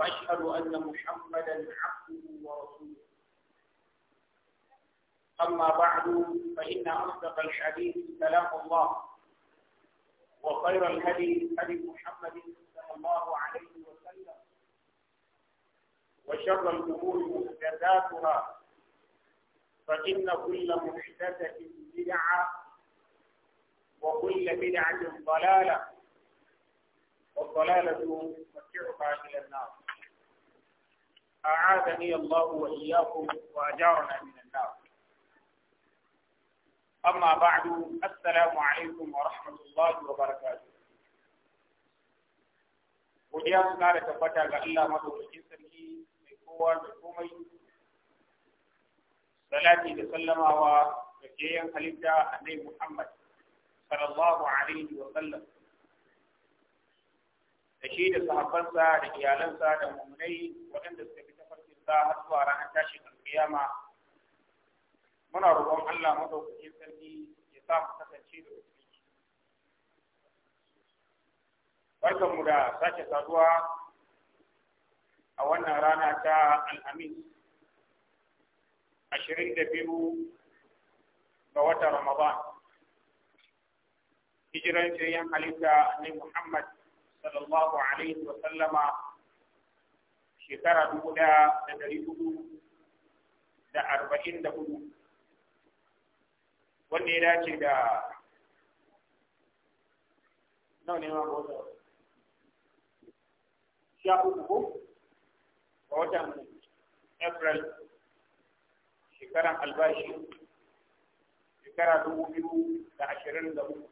وأشهد أن محمدا عبده ورسوله أما بعد فإن أصدق الحديث كلام الله وخير الهدي هدي محمد صلى الله عليه وسلم وشر الأمور محدثاتها فإن كل محدثة بدعة وكل بدعة ضلالة والضلالة تمتعها إلى النار أعادني الله وإياكم وأجارنا من النار أما بعد السلام عليكم ورحمة الله وبركاته وديان سنارة فتاة إلا ما هو جسره بقوة بقومي صلاة وسلم وكيا خليفة محمد صلى الله عليه وسلم تشيد صحابنسا لإيالنسا لمؤمنين وعند السكين sa har zuwa ranar muna roƙon Allah madaukakin sarki ya sa mu kasance da wasu barkan mu da sake saduwa a wannan rana ta alhamis ashirin da biyu ga watan ramadan hijiran shiryan halitta ne muhammad sallallahu alaihi wa sallama shekara dubu ɗaya da ɗari dubu da arba'in da hudu wanda ya dace da nawa ne ma wata sha uku ko a watan april shekaran albashi shekara dubu biyu da ashirin da hudu.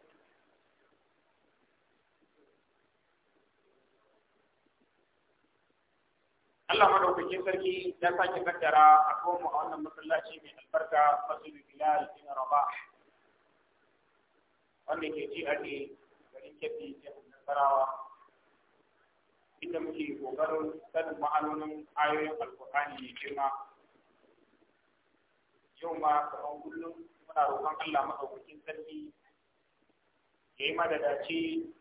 Allah madaukakin sarki ya sake kaddara a komo a wannan masallaci mai albarka masjidul Bilal bin Rabah wanda ke ji a ne garin Kebbi fi Nasarawa inda muke kokarin sanin ma'anonin ayoyin alkur'ani mai girma yau ma kaman kullum muna roƙon Allah madaukakin sarki ya yi madadaci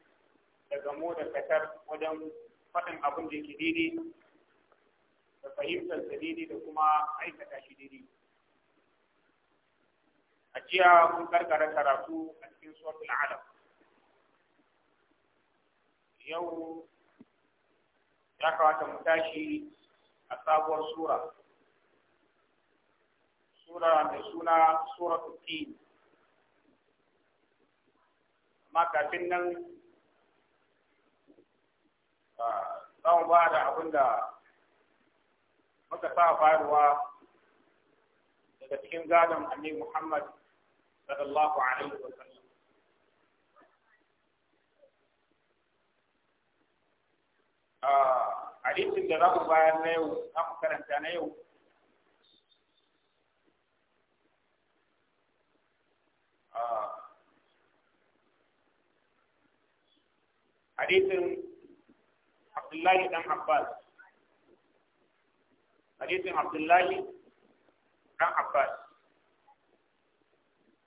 daga mu da katar wajen faɗin abin da ke daidai fahimtar sa da kuma aikata shi daidai a jiya mun karkara karatu a cikin suratul alam yau ya kamata mu tashi a sabuwar sura sura mai suna sura Tuki. amma kafin nan ah, za mu ba da abin da muka sa faruwa daga cikin gadon annabi Muhammad sallallahu alaihi wa sallam hadisin da za mu bayar na yau za mu karanta na yau hadisin Abdullahi dan Abbas hadisin abdullahi dan abbas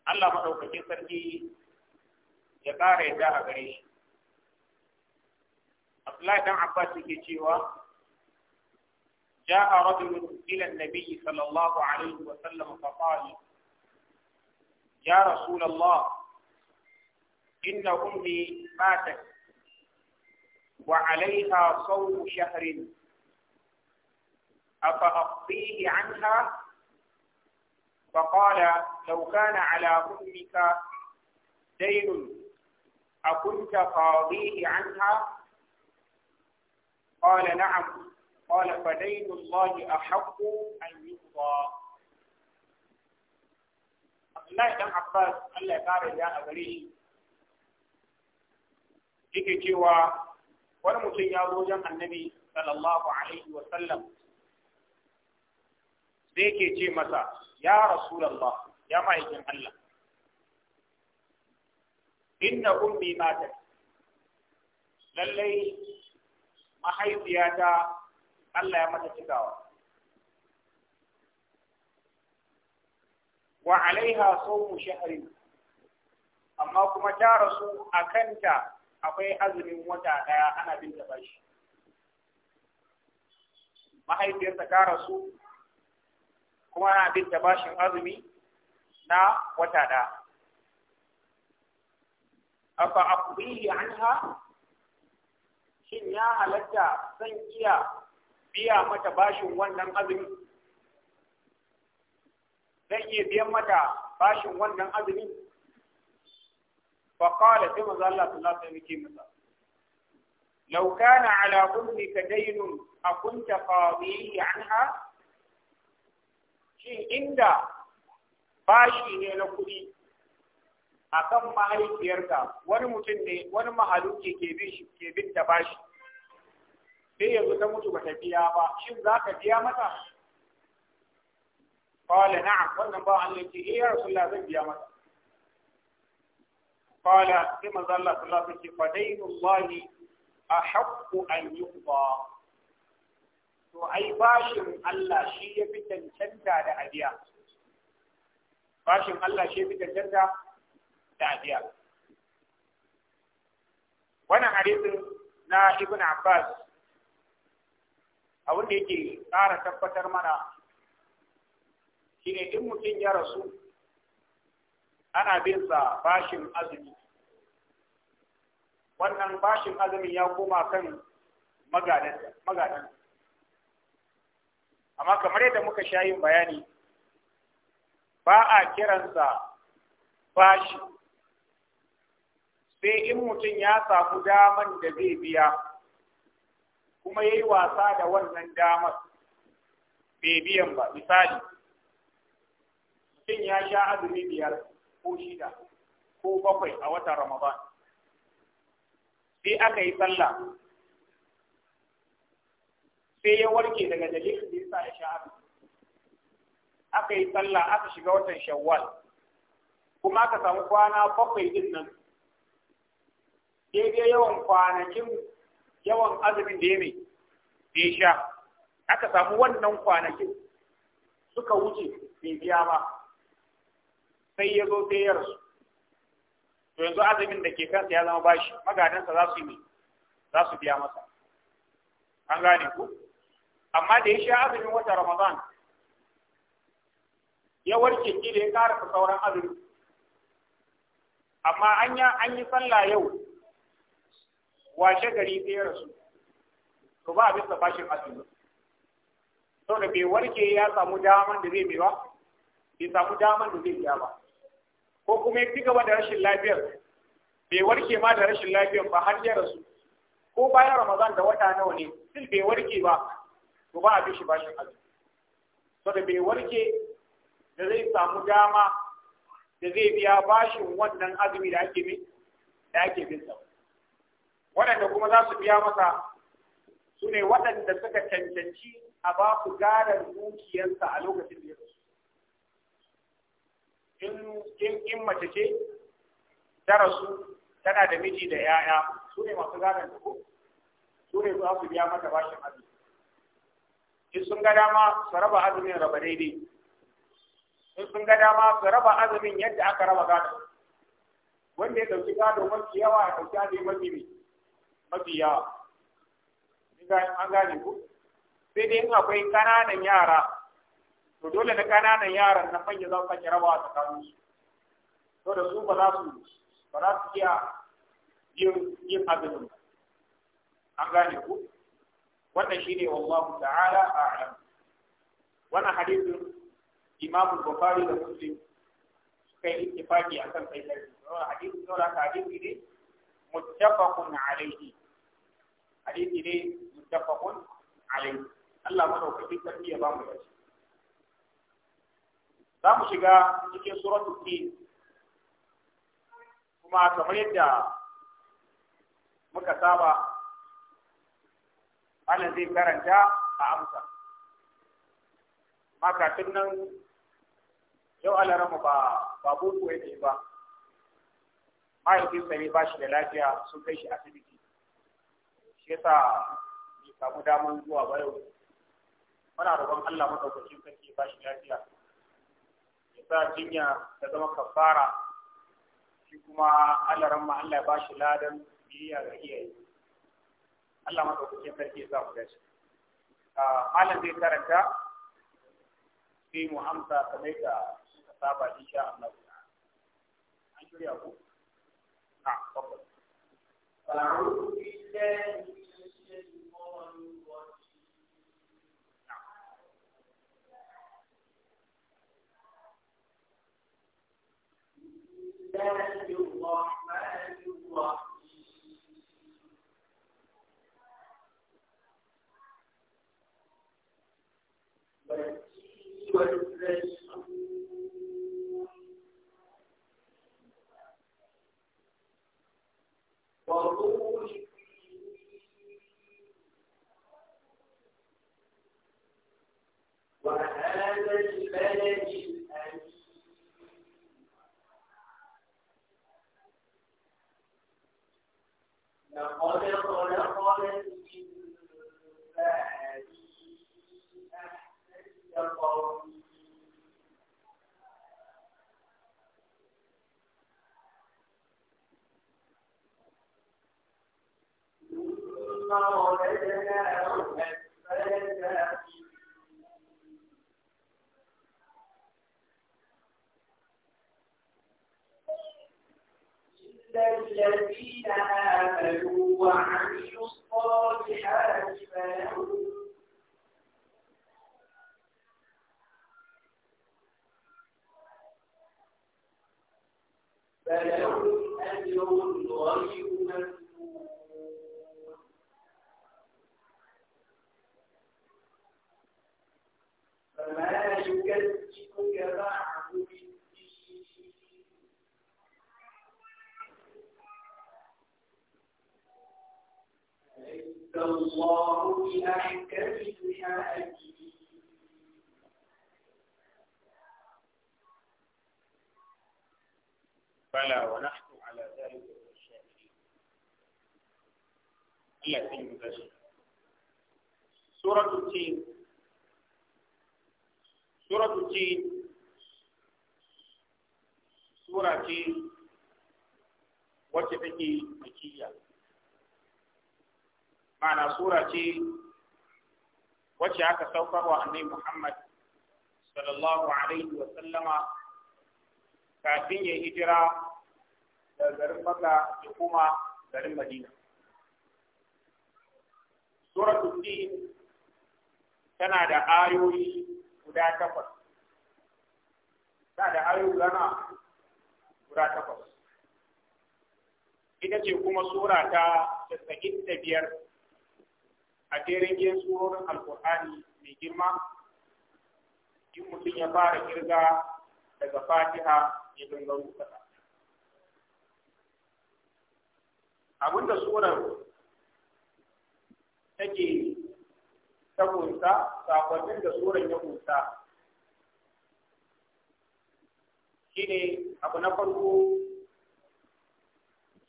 Allah maɗaukakin sarki ya ƙara yadda a gare shi abdullahi dan abbas yake cewa جاء رجل إلى النبي صلى الله عليه وسلم فقال يا رسول الله إن أمي ماتت وعليها صوم شهر أفأقضيه عنها فقال لو كان على أمك دين أكنت قاضيه عنها قال نعم قال فدين الله أحق أن يقضى الله دم عباس الله يقارع يا أبريه يكي جوا ولم تنيا النبي صلى الله عليه وسلم sai yake ce masa ya rasulallah ya ma'aikin Allah inna ummi mata, lallai mahaifiyata Allah ya mata cikawa wa alaiha sawmu shahri amma kuma ta rasu a kanta akwai azumin wata daya ana bin ta bashi mahaifiyarta ta rasu kuma ana bin ta bashin azumi na wata ɗaya afa aqdihi anha shin ya halatta zan iya biya mata bashin wannan azumi zan iya biyan mata bashin wannan azumi fa qala sai manzo Allah sallallahu alaihi wasallam masa law kana ala ummika daynun akunta qadihi anha shin inda bashi ne na kuɗi akan mahaifiyarka wani mutum ne wani mahalu ke ke bin da bashi sai yanzu ta mutu ba ta biya ba shin za ka biya mata Kwale, na'am wannan ba an ce iya ya rasulullah biya mata Kwale sai mazalla Allah sallallahu alaihi wasallam ce fa dainullahi ahaqqu an yuqda to ai bashin Allah shi ya fi cancanta da ajiya. bashin Allah shi ya fi cancanta da abiya wannan hadisin na Ibn Abbas abin da yake ƙara tabbatar mana shi ne in mutum ya rasu ana bin sa bashin azumi wannan bashin azumi ya koma kan magadansa amma kamar yadda muka sha yin bayani ba a kiransa bashi sai in mutum ya samu daman da zai biya kuma ya yi wasa da wannan damar bai biyan ba misali mutum ya sha azumi biyar ko shida ko bakwai a watan ramadan sai aka yi sallah sai ya warke daga dalilin da yasa ya sha aka yi sallah aka shiga watan shawwal kuma aka samu kwana bakwai din nan daidai yawan kwanakin yawan azumin da ya mai da ya sha aka samu wannan kwanakin suka wuce bai biya ba sai ya zo sai ya to yanzu azumin da ke kansa ya zama bashi magadansa za su yi za su biya masa an gane ku amma da ya sha azumin wata ramadan ya warke da ya ƙara sauran azumi amma an yi an yi sallah yau washe gari sai ya rasu to ba abin da bashin azumi da bai warke ya samu daman da zai ba, bai samu daman da zai biya ba ko kuma ya ci gaba da rashin lafiyar bai warke ma da rashin lafiyar ba har ya rasu ko bayan ramadan da wata nawa ne sil bai warke ba to ba a bishi bashin so da bai warke da zai samu dama da zai biya bashin wannan azumi da ake bi da ake bin sa waɗanda kuma za su biya masa su ne waɗanda suka cancanci a ba su gadar dukiyarsa a lokacin da ya rasu in in mace ce ta rasu tana da miji da yaya su ne masu gadar da ko su ne za su biya mata bashin azumi in sun ga dama su raba azumin raba daidai in sun ga dama su raba azumin yadda aka raba gado wanda ya dauki gado mafi yawa ya dauki azumin mafi ne mafi yawa an gane ku sai dai in akwai kananan yara to dole da kananan yaran na manya za su sake raba a su to da su ba za su ba za su iya yin azumin an gane ku wannan shine wallahu ta'ala a'lam wannan hadisin imamu bukhari da muslim suka yi ittifaqi akan sai da wannan hadisin saboda hadisi ne muttafaqun alayhi hadisi ne muttafaqun alayhi Allah madaukakin sarki tafiya ba mu dace za mu shiga cikin suratul tin kuma kamar yadda muka saba malam zai karanta a amsa ma kafin nan yau alarama ba ba ya yake ba mahaifinsa ne ba shi da lafiya sun kai shi asibiti shi yasa bai samu damar zuwa ba yau muna roƙon Allah madaukakin sarki ba shi lafiya ya sa jinya ta zama kafara shi kuma alarama Allah ya ba shi ladan biyayya ga iyaye Allah madaukakin sarki ya sa mu dace ah, malam zai karanta sai mu amsa ta da suka saba insha Allah an shirya ku na tabbata أعوذ بالله من الشيطان الرجيم الله الرحمن الرحيم والرسول وروح وهذا البلد الأمين لقد خلقنا الإنسان bala wa nahnu ala zalika shahidin Allah sai mu gashi suratul tin suratul tin sura ce wacce take makiyya ma'ana sura ce wacce aka annabi Muhammad sallallahu alaihi wa sallama kafin ya hijira da garin Makka da kuma garin Madina. Suratul Din tana da ayoyi guda takwas. Tana da ayoyi guda guda takwas. Ita ce kuma sura ta casa'in da biyar a jerin yin surorin alkur'ani mai girma. In mutum ya fara kirga daga Fatiha cikin gangaru abinda surar take ta kunsa sakonnin da surar ya shi ne abu na farko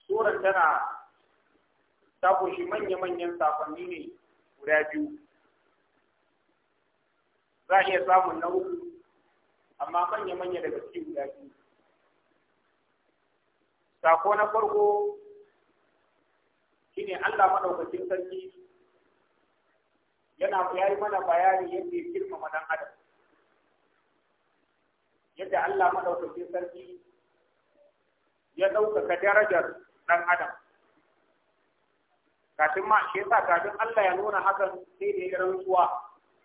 surar tana ta kunshi manya-manyan sakonni ne guda biyu za a iya samun na uku amma manya-manya daga cikin guda biyu sako na farko shine Allah madaukakin sarki yana yayi mana bayani yadda ya girmama dan adam yadda Allah madaukakin sarki ya ɗaukaka darajar dan adam kafin ma shi yasa kafin Allah ya nuna hakan sai da ya rantsuwa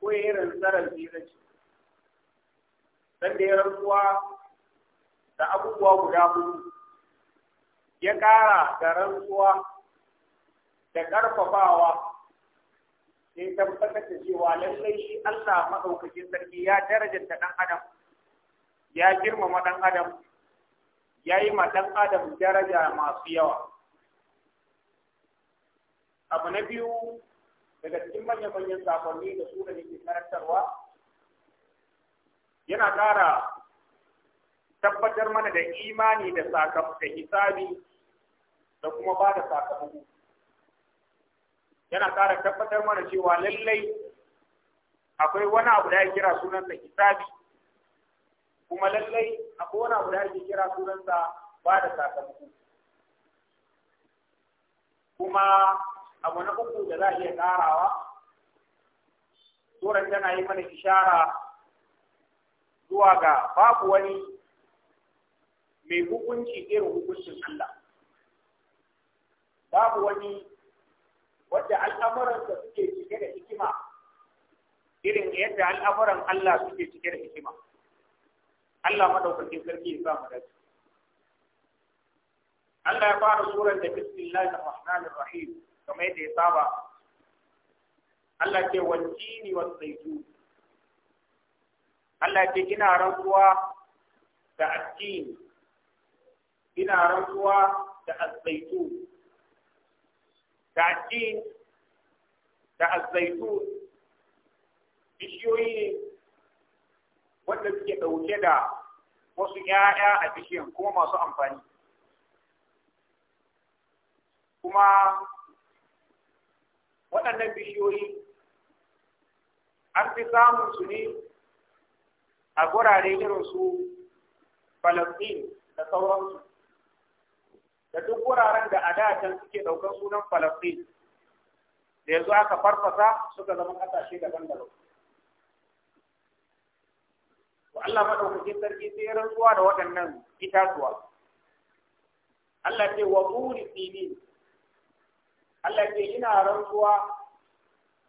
ko ya yi rantsarar ziraci dan da ya rantsuwa da abubuwa guda huɗu. ya ƙara da rantsuwa da ƙarfafawa sai tabbatar da cewa lallai shi Allah maɗaukakin sarki ya darajanta ɗan adam ya girmama ɗan adam ya yi ma ɗan adam daraja masu yawa abu na biyu daga cikin manyan manyan sakonni da su da nake karantarwa yana ƙara tabbatar mana da imani da sakamako da hisabi da kuma ba da sakamako yana ƙara tabbatar mana cewa lallai akwai wani abu da ya kira sunansa hisabi kuma lallai akwai wani abu da ya kira sunansa ba da sakamako kuma abu na uku da za a iya ƙarawa suran tana yi mana ishara zuwa ga babu wani mai hukunci irin hukuncin Allah babu wani wadda al'amuransa suke cike da hikima irin yadda al'amuran Allah suke cike da hikima Allah madaukakin sarki ya samu dace Allah ya fara tsoron da bismillahir rahmanir rahim kamar yadda ya saba Allah ce wancini wa zaitu Allah ce kina rantsuwa da addini ina rantsuwa da azaitu da da azaitu bishiyoyi wanda suke ɗauke da wasu ‘ya'ya a bishiyan kuma masu amfani kuma waɗannan bishiyoyi an fi samun su ne a gurare irin su Falasɗin da sauransu da duk wuraren da a da can suke daukar sunan Falasɗin da yanzu aka farfasa suka zama kasashe daban-daban to Allah madaukakin sarki sai rantsuwa da waɗannan itatuwa Allah ce wa buri sinin Allah ce ina rantsuwa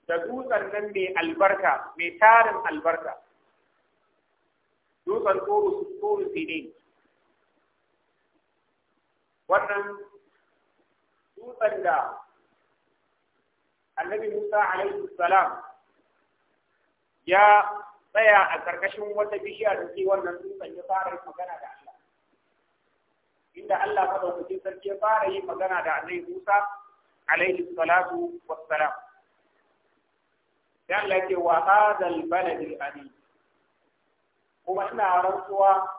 da dutsen nan mai albarka mai tarin albarka dutsen turu turu sinin wannan dutsen da annabi Musa alaihi salam ya tsaya a ƙarƙashin wata bishiya da ke wannan dutsen ya fara yin magana da Allah inda Allah madaukakin sarki ya fara yin magana da annabi Musa alaihi salatu wassalam dan lake wa hadal balad al kuma ina rantsuwa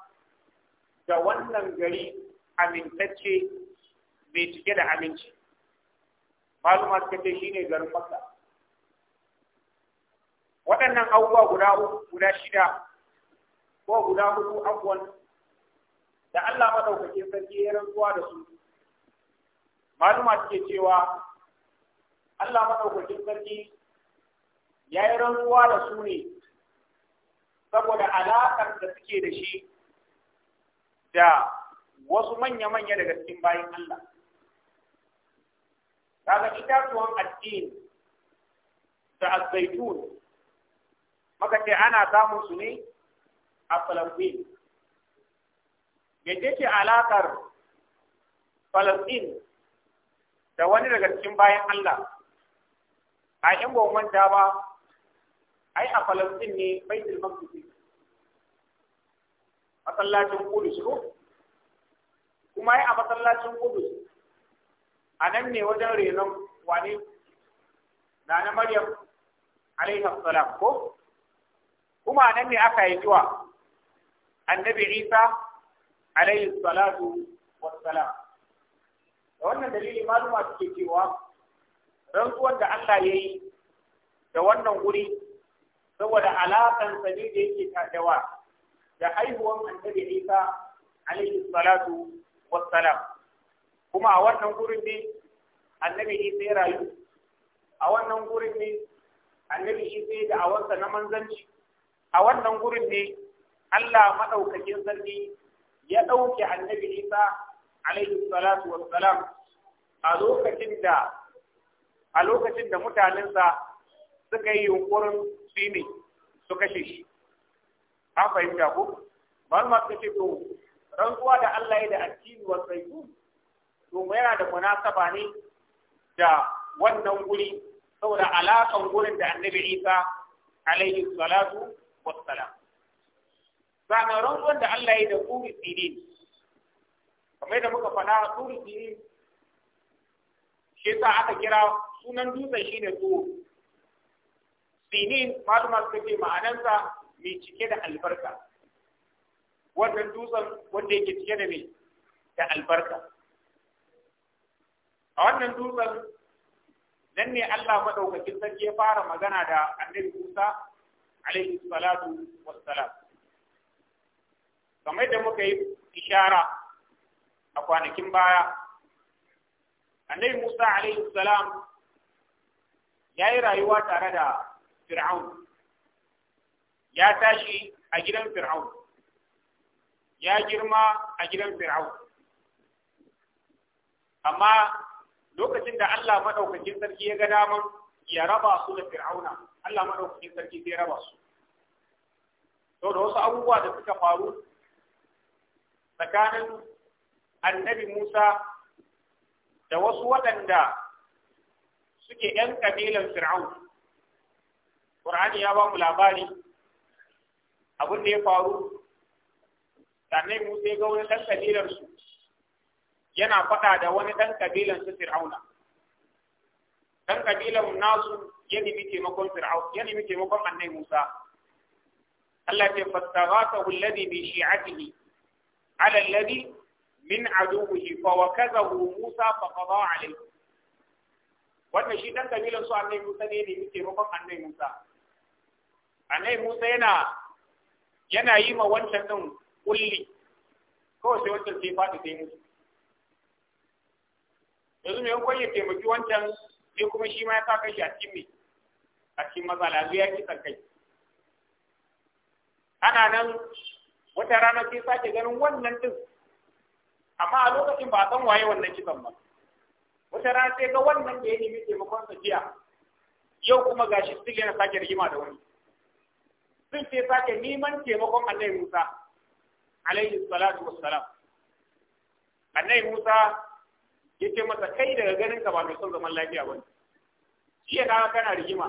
da wannan gari amintacce mai cike da aminci maluma suka ce shi ne garin makka waɗannan abubuwa guda guda shida ko guda hudu abubuwan da Allah madaukakin sarki ya rantsuwa da su maluma suke cewa Allah madaukakin sarki ya yi rantsuwa da su ne saboda alaƙar da suke da shi da wasu manya-manya daga cikin bayan Allah kaga itatuwan addini da azzaitun maka ce ana samun su ne a falastin yadda ke alaƙar Falasɗin da wani daga cikin bayan Allah a yan gwamnan ba ai a falastin ne baitul maqdis masallacin kudus ko kuma yi a masallacin kudu a nan ne wajen renon wani na na maryam alaihi salam ko kuma a nan ne aka yi zuwa annabi isa alaihi salatu wassalam da wannan dalili maluma suke cewa rantsuwar da Allah ya yi da wannan guri saboda alaƙan sani da yake da da haihuwan annabi Isa alaihi salatu wasalam kuma a wannan gurin ne annabi isa ya rayu a wannan gurin ne annabi isa ya da'awarsa na manzanci a wannan gurin ne Allah maɗaukakin sarki ya ɗauke annabi isa alaihi salatu wassalam a lokacin da a lokacin da mutanensa suka yi yunkurin su ne su kashe shi Ka fahimta ko ban ma suka ce to rantsuwa da Allah ya da addini wa zaitun to yana da munasaba ne da wannan guri saboda alaƙan gurin da annabi Isa alaihi salatu wassalam sannan rantsuwan da Allah ya da kuri kamar da muka faɗa kuri tsiri shi yasa aka kira sunan dutsen shi ne turi sinin malama suka ce ma'anansa mai cike da albarka wannan dutsen wanda yake cike da mai da albarka a wannan dutsen nan ne Allah madaukakin sarki ya fara magana da annabi Musa alaihi salatu wassalam kamar da muka yi ishara a kwanakin baya annabi Musa alaihi salam ya yi rayuwa tare da Fir'aun ya tashi a gidan Fir'aun ya girma a gidan fir'au amma lokacin da Allah maɗaukacin sarki ya ga daman ya raba su da fir'auna Allah maɗaukacin sarki sai raba su to da wasu abubuwa da suka faru tsakanin annabi Musa da wasu waɗanda suke ‘yan ƙabilan fir'aun. Ƙur'ani ya ba mu labari abin da ya faru sannan musa ya ga wani ɗan kabilar su yana faɗa da wani ɗan kabilan su fir'auna ɗan kabilan nasu ya nemi taimakon Fir'auna, ya nemi taimakon annai musa Allah ce fastaghathahu alladhi bi shi'atihi ala alladhi min aduwwihi fa wakazahu musa fa qada alayhi wannan shi ɗan kabilan su annai musa ne nemi taimakon annai musa annai musa yana yana yi ma wancan ɗin kulli kawai sai wancan sai faɗi sai mutu yanzu mai yankon ya taimaki wancan sai kuma shi ma ya sa kai shi a cikin mai a cikin matsala zai ya kisan kai ana nan wata rana sai sake ganin wannan din amma a lokacin ba a san waye wannan kisan ba wata rana sai ga wannan da ya nemi taimakon sa jiya yau kuma gashi sai yana sake rigima da wani sun ce sake neman taimakon Allah Musa alaihi salatu wassalam annabi Musa yace masa kai daga ganin ka ba mai son zaman lafiya ba jiya kawo kana rigima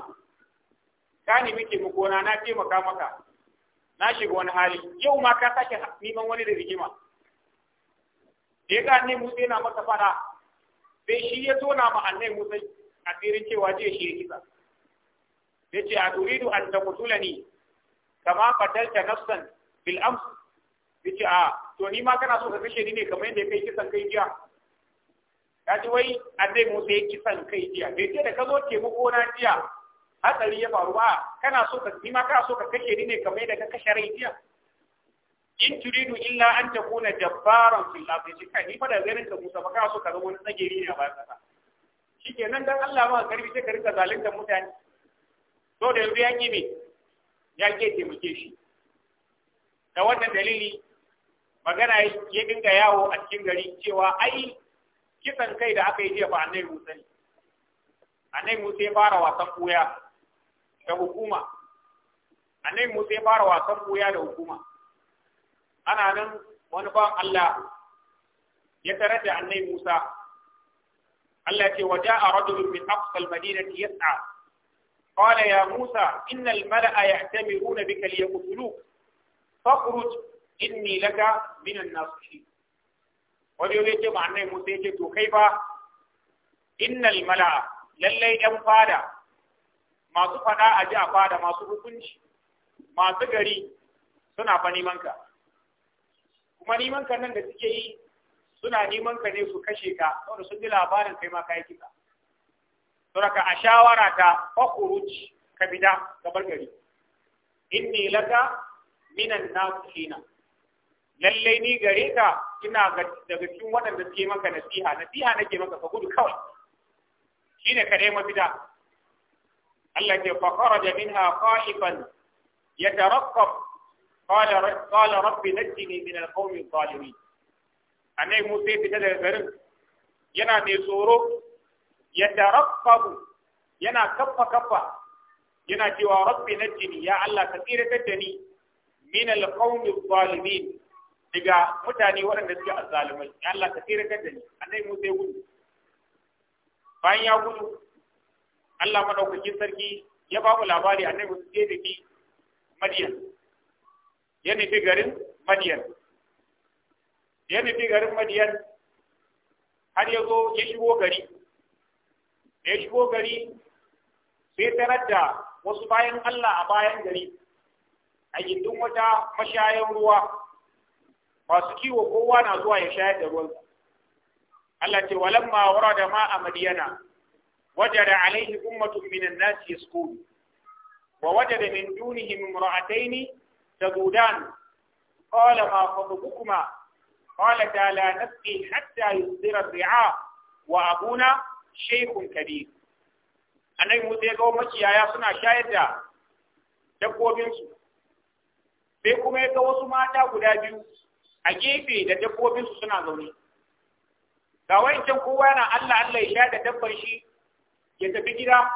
ka nemi taimako na na taimaka maka na shiga wani hali yau ma ka sake neman wani da rigima da ya ga Musa yana masa fada sai shi ya tona ma annabi Musa asirin cewa jiya shi ya kisa ce a turidu an ne kama fatalta nafsan bil yace a ah, to ni ma kana so ka kashe ni ne kamar yadda kai kisan kai jiya ka ji wai annabi Musa ya kisan kai jiya bai ce da ka zo taimako na jiya hatsari ya faru ba kana so ka ni ma kana so ka kashe ni ne kamar yadda ka kashe rai jiya in turidu illa an takuna jabbaran fil ardi shi kai ni fa da ganin ka Musa ba ka so ka zama wani tsageri ne a bayan kasa shikenan dan Allah ba ka karbi sai ka rika zalunta mutane to da yanzu ya ki me ya ke taimake shi da wannan dalili magana ya dinga yawo a cikin gari cewa ai kisan kai da aka yi jiya ba annai musa ne annai musa ya fara wasan ɓuya da hukuma annai musa ya fara wasan ɓuya da hukuma ana nan wani ban Allah ya tarar da annai musa Allah ce waje a rajulun min aqsal madinati yas'a qala ya musa innal mala'a ya'tamiruna bika liyaqtuluk fakhruj inni laka minan nasihi wani yau yake ba annai musa yake to kai ba innal mala lallai yan fada masu fada a ji a fada masu hukunci masu gari suna fa neman kuma neman nan da suke yi suna neman ne su kashe ka saboda sun ji labarin kai ma kai kisa saboda a shawara ta fakuruci ka bida gabar gari inni laka minan nasihina lalle ni gare ka ina daga cikin waɗanda suke maka nasiha nasiha nake maka ka gudu kawai shine ka dai mafita Allah ya fa kharaja minha qaifan yatarqab qala qala rabbi najini min alqawm adh-dhalimin anai musa fita daga garin yana mai tsoro yatarqab yana kaffa kaffa yana cewa rabbi najini ya Allah ka tsiratar da ni min alqawmi adh-dhalimin daga mutane waɗanda suke azzalumai ya Allah ka tsira da a annabi Musa ya gudu bayan ya gudu Allah madaukakin sarki ya ba mu labari annabi Musa ya tafi Madiyan ya nufi garin Madiyan ya nufi garin Madiyan har ya zo ya shigo gari da ya shigo gari sai tarar da wasu bayan Allah a bayan gari a gindin wata mashayan ruwa masu kiwo kowa na zuwa ya shayar da ruwansa Allah ce walamma warada ma a madiyana wajada alaihi ummatun minan nasi yasqulu wa wajada min dunihi imra'atayn tadudan qala ma khatubukuma qala la nasqi hatta yusdira ar-ri'a wa abuna shaykhun kabir annabi mu ya ga makiyaya suna shayar da dabbobinsu sai kuma ya ga wasu mata guda biyu a gefe da dabbobinsu suna zaune ga wancan kowa yana Allah Allah ya sha da dabbar shi ya tafi gida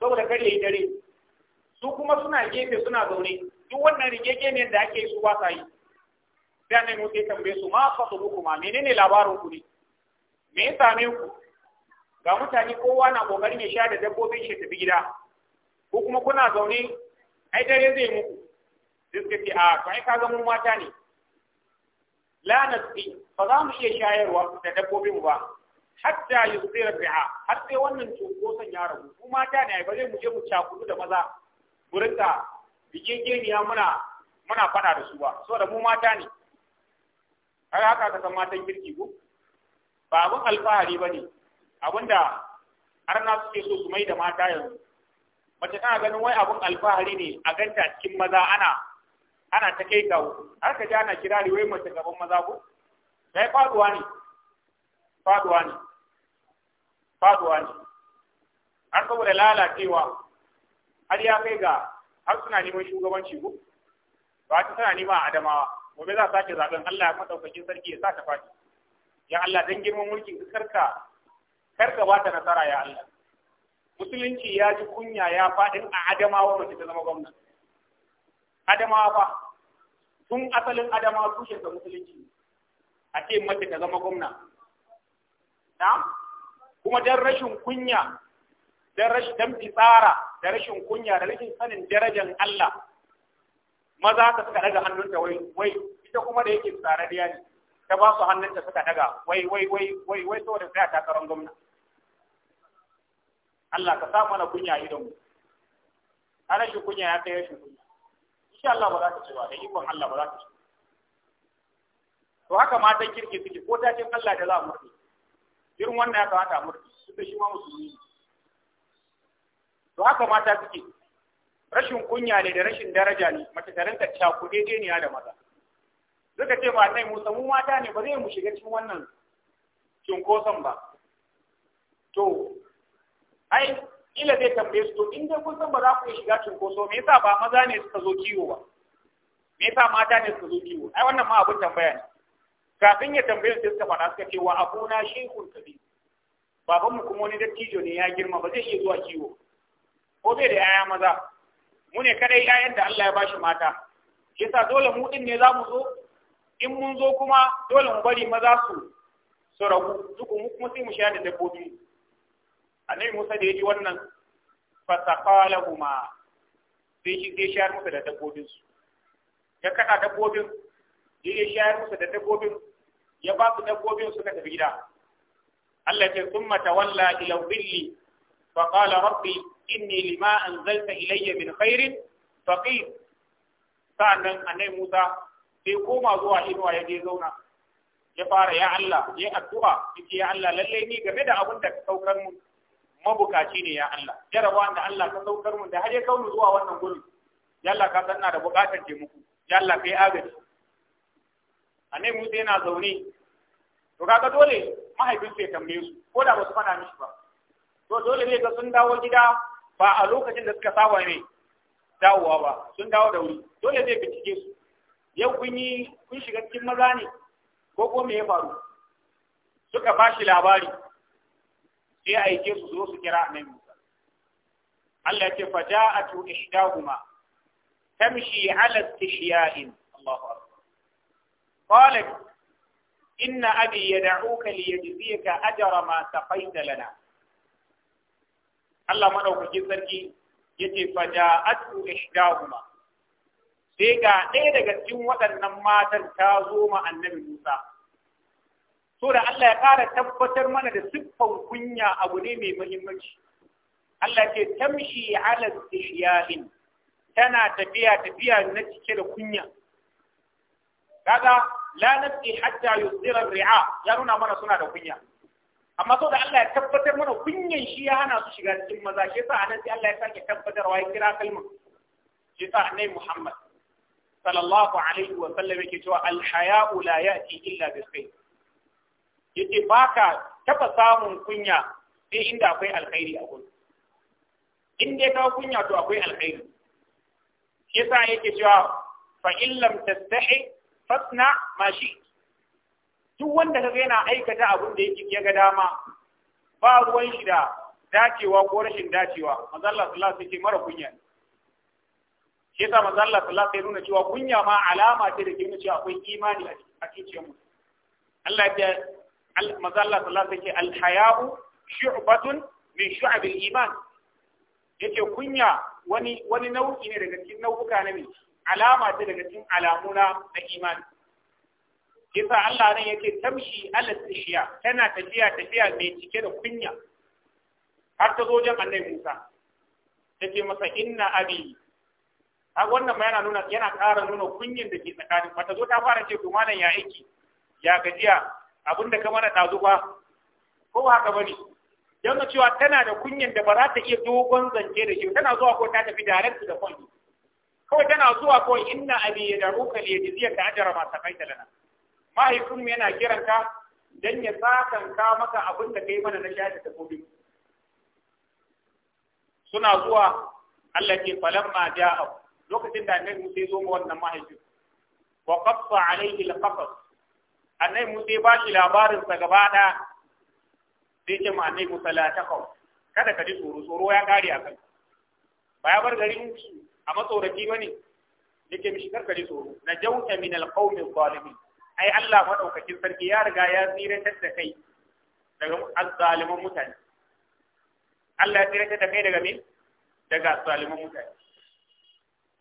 saboda kar ya yi dare su kuma suna gefe suna zaune duk wannan rigege ne da ake su ba sa yi da ne mutai tambaye su ma fa su kuma menene labarin ku ne me ya same ku ga mutane kowa na kokarin ya sha da dabbobin shi tafi gida ko kuma kuna zaune ai dare zai muku sai suka a to ka ga mata ne la nasqi ba za mu iya shayarwa da dabbobin ba hatta yusira bi'a har sai wannan cunkoson ya rabu mu mata ne ba zai mu je mu cakudu da maza mu rinka ya muna muna fada da su ba saboda mu mata ne har haka ka san matan kirki ko ba abin alfahari ba ne abinda har na suke so su mai da mata yanzu mace tana ganin wai abin alfahari ne a ganta cikin maza ana ana ta kai kawo har ka ji ana kira wai mace gaban maza ko sai faduwa ne faduwa ne faduwa ne har saboda lalacewa har ya kai ga har suna neman shugabanci ko ba ta tana neman a adamawa gobe za sake zaben Allah madaukakin sarki ya sa ta faɗi ya Allah dan girman mulkin karka karka ba ta nasara ya Allah musulunci ya ji kunya ya faɗin a adamawa mace ta zama gwamnati adamawa ba tun asalin adamawa tushen ga musulunci a ce mace ta zama gwamna na kuma don rashin kunya don rashin dan fitsara da rashin kunya da rashin sanin darajar Allah maza ka suka daga hannunta wai wai ita kuma da yake tsara da yani ta ba su hannunta suka daga wai wai wai wai wai saboda sai ta karon gwamna Allah ka sa mana kunya idon mu ana shi kunya ya kai rashin kunya insha Allah ba za ka ci ba da ikon Allah ba za ka ci to haka matan kirki suke ko ta cin Allah da za a murɗe irin wannan ya kamata a murɗe su da shi ma musulmi to haka mata suke rashin kunya ne da rashin daraja ne mace ta rinka ne ya da maza suka ce ba nai musa mu mata ne ba zai mu shiga cikin wannan cinkoson ba to ai kila zai tambaye su to in dai kun san ba za ku yi shiga cinkoso me yasa ba maza ne suka zo kiwo ba me yasa mata ne suka zo kiwo ai wannan ma abin tambaya ne kafin ya tambaye su suka fara suka ce wa abuna shehun kabi baban mu kuma wani dattijo ne ya girma ba zai iya zuwa kiwo ko bai da yaya maza mu ne kadai yayan da Allah ya bashi mata yasa dole mu din ne za mu zo in mun zo kuma dole mu bari maza su su ragu duk mu kuma sai mu shiga da dabbobi annabi Musa da ya ji wannan fasaqalahuma sai shi ke shayar musu da dabbobinsu. su ya kada dabbobin ya shayar musu da dabbobin ya ba su dabbobin suka tafi gida Allah ya summa tawalla ila billi fa qala rabbi inni lima anzalta ilayya min khairin faqir sa'annan annabi Musa sai koma zuwa inuwa ya je zauna ya fara ya Allah ya addu'a yake ya Allah lalle ni game da abin da ka saukar mun mabukaci ne ya Allah jarabawa da Allah ka saukar mun da har ya kaunu zuwa wannan guri ya Allah ka sanna da bukatar taimako ya Allah kai agaji anai sai na zaune to kaga dole mahaifin sai tambaye su ko da ba su fada mishi ba to dole ne ga sun dawo gida ba a lokacin da suka saba ne dawowa ba sun dawo da wuri dole zai bincike su yau kun yi kun shiga cikin maza ne ko ko me ya faru suka bashi labari sai a yi ke su zo su kira a nan Musa Allah ce fa ja'atu ihdahuma tamshi ala in Allahu akbar qalat inna abi yad'uka ka ajra ma ta saqaita lana Allah madaukakin sarki ya yace fa ja'atu ihdahuma sai ga ɗaya daga cikin waɗannan matan ta zo ma annabi Musa so da Allah ya ƙara tabbatar mana da siffan kunya abu ne mai muhimmanci Allah ce tamshi ala ishiyain tana tafiya tafiya na cike da kunya kaga la nafsi hatta yusdira ri'a ya nuna mana suna da kunya amma so da Allah ya tabbatar mana kunyan shi ya hana su shiga cikin maza shi yasa anan sai Allah ya sake tabbatarwa ya kira kalmar shi yasa annabi Muhammad sallallahu alaihi wa sallam yake cewa al-haya'u la ya'ti illa bi khair yace baka taba samun kunya sai inda akwai alkhairi a gurin in dai kawo kunya to akwai alkhairi shi yasa yake cewa fa in lam tastahi fasna ma shi duk wanda ka yana aikata abin da yake ya ga dama ba ruwan shi da dacewa ko rashin dacewa mazalla sallallahu alaihi wasallam mara kunya shi yasa mazalla sallallahu alaihi nuna cewa kunya ma alama ce da ke nuna cewa akwai imani a cikin mu Allah ya maza Allah ta ke wasallam al mai shu'batun min shu'abil iman yake kunya wani wani nau'i ne daga cikin nau'uka na mai alama ce daga cikin alamuna na iman yasa Allah nan yake tamshi ala tishiya tana tafiya tafiya mai cike da kunya har ta zo jan annabi Musa take masa inna abi a wannan ma yana nuna yana ƙara nuna kunyin da ke tsakanin ba ta zo ta fara ce to malam ya aiki ya gajiya abin da ka mana ɗazu ba ko haka bane don na cewa tana da kunyan da ba za ta iya dogon zance da shi tana zuwa ko ta tafi direct da kwanki kawai tana zuwa ko inna abi ya daruka li yajziyaka ka masu kai da lana mahaifinmu yana kiran ka dan ya sakan ka maka abin da kai mana na shafi ta gobe suna zuwa Allah ke ma ja'a lokacin da annabi sai zo ma wannan mahaifin wa qatta alaihi al annai musa ya bashi labarin sa gaba da sai ce ma annai musa la ta kau kada ka ji tsoro tsoro ya kare akan ba ya bar garin su a matsoraki bane yake mishi karka ji tsoro na jauta min alqawmi zalimin ai Allah madaukakin sarki ya riga ya tsiratar da kai daga azzaliman mutane Allah ya tsiratar da kai daga me daga azzaliman mutane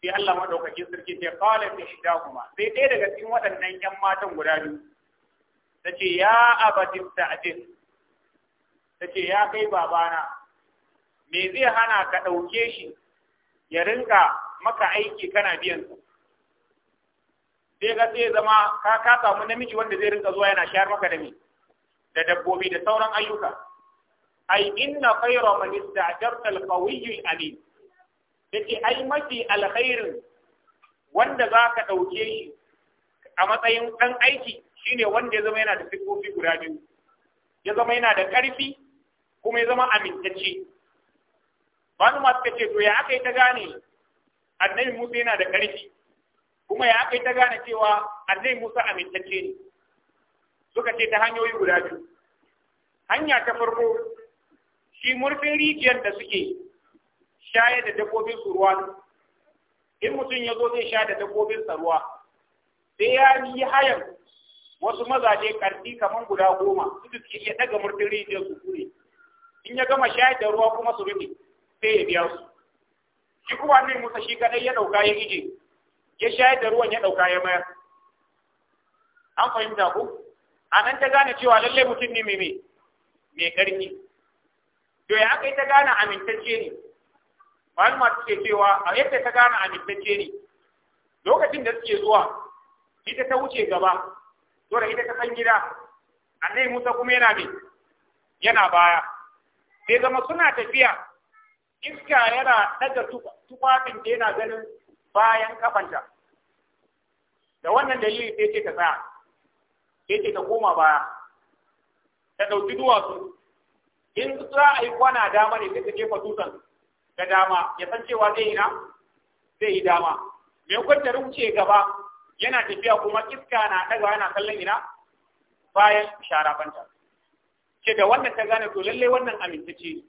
sai Allah madaukakin sarki sai qala fi ihdahuma sai dai daga cikin waɗannan ƴan matan guda biyu ta ya abatin ta'ajin ta ya kai babana me zai hana ka ɗauke shi ya rinka maka aiki kana biyan su sai ga sai zama ka ka samu namiji wanda zai rinka zuwa yana shayar maka da me da dabbobi da sauran ayyuka ai inna khayra man ista'jarta al-qawiyyu al-amin yace ai mafi alkhairin wanda zaka dauke shi a matsayin dan aiki Shi ne wanda ya zama yana da siffofi guda biyu ya zama yana da ƙarfi kuma ya zama amintacce bani masu kace to ya aka yi ta gane annabi musa yana da ƙarfi kuma ya aka yi ta gane cewa annabi musa amintacce ne suka ce ta hanyoyi guda biyu hanya ta farko shi murfin rijiyar da suke shayar da dabbobin su ruwa in mutum ya zo zai sha da dabbobin sa ruwa sai ya yi hayan wasu mazaje karfi kamar guda goma su suke iya daga murtin rijiyar su kure in ya gama shayar da ruwa kuma su rufe sai ya biya su shi kuma ne Musa shi kadai ya dauka ya ije ya shayar da ruwan ya dauka ya mayar an fahimta ku? a nan ta gane cewa lalle mutum ne mai mai karfi to ya aka yi ta gane amintacce ne malama suke cewa a yadda ta gane amintacce ne lokacin da suke zuwa ita ta wuce gaba to ita ta san gida annabi Musa kuma yana yana baya sai zama suna tafiya iska yana daga tufafin da yana ganin bayan kafanta da wannan dalili sai ce ta tsaya sai ce ta koma baya ta ɗauki duwatsu in za a yi kwana dama ne sai ta jefa dutsen da dama ya san cewa zai yi na zai yi dama me kwanta rubuce gaba yana tafiya kuma iska na ɗaga yana kallon ina bayan shara banta ce da wannan ta gane to lallai wannan amintacce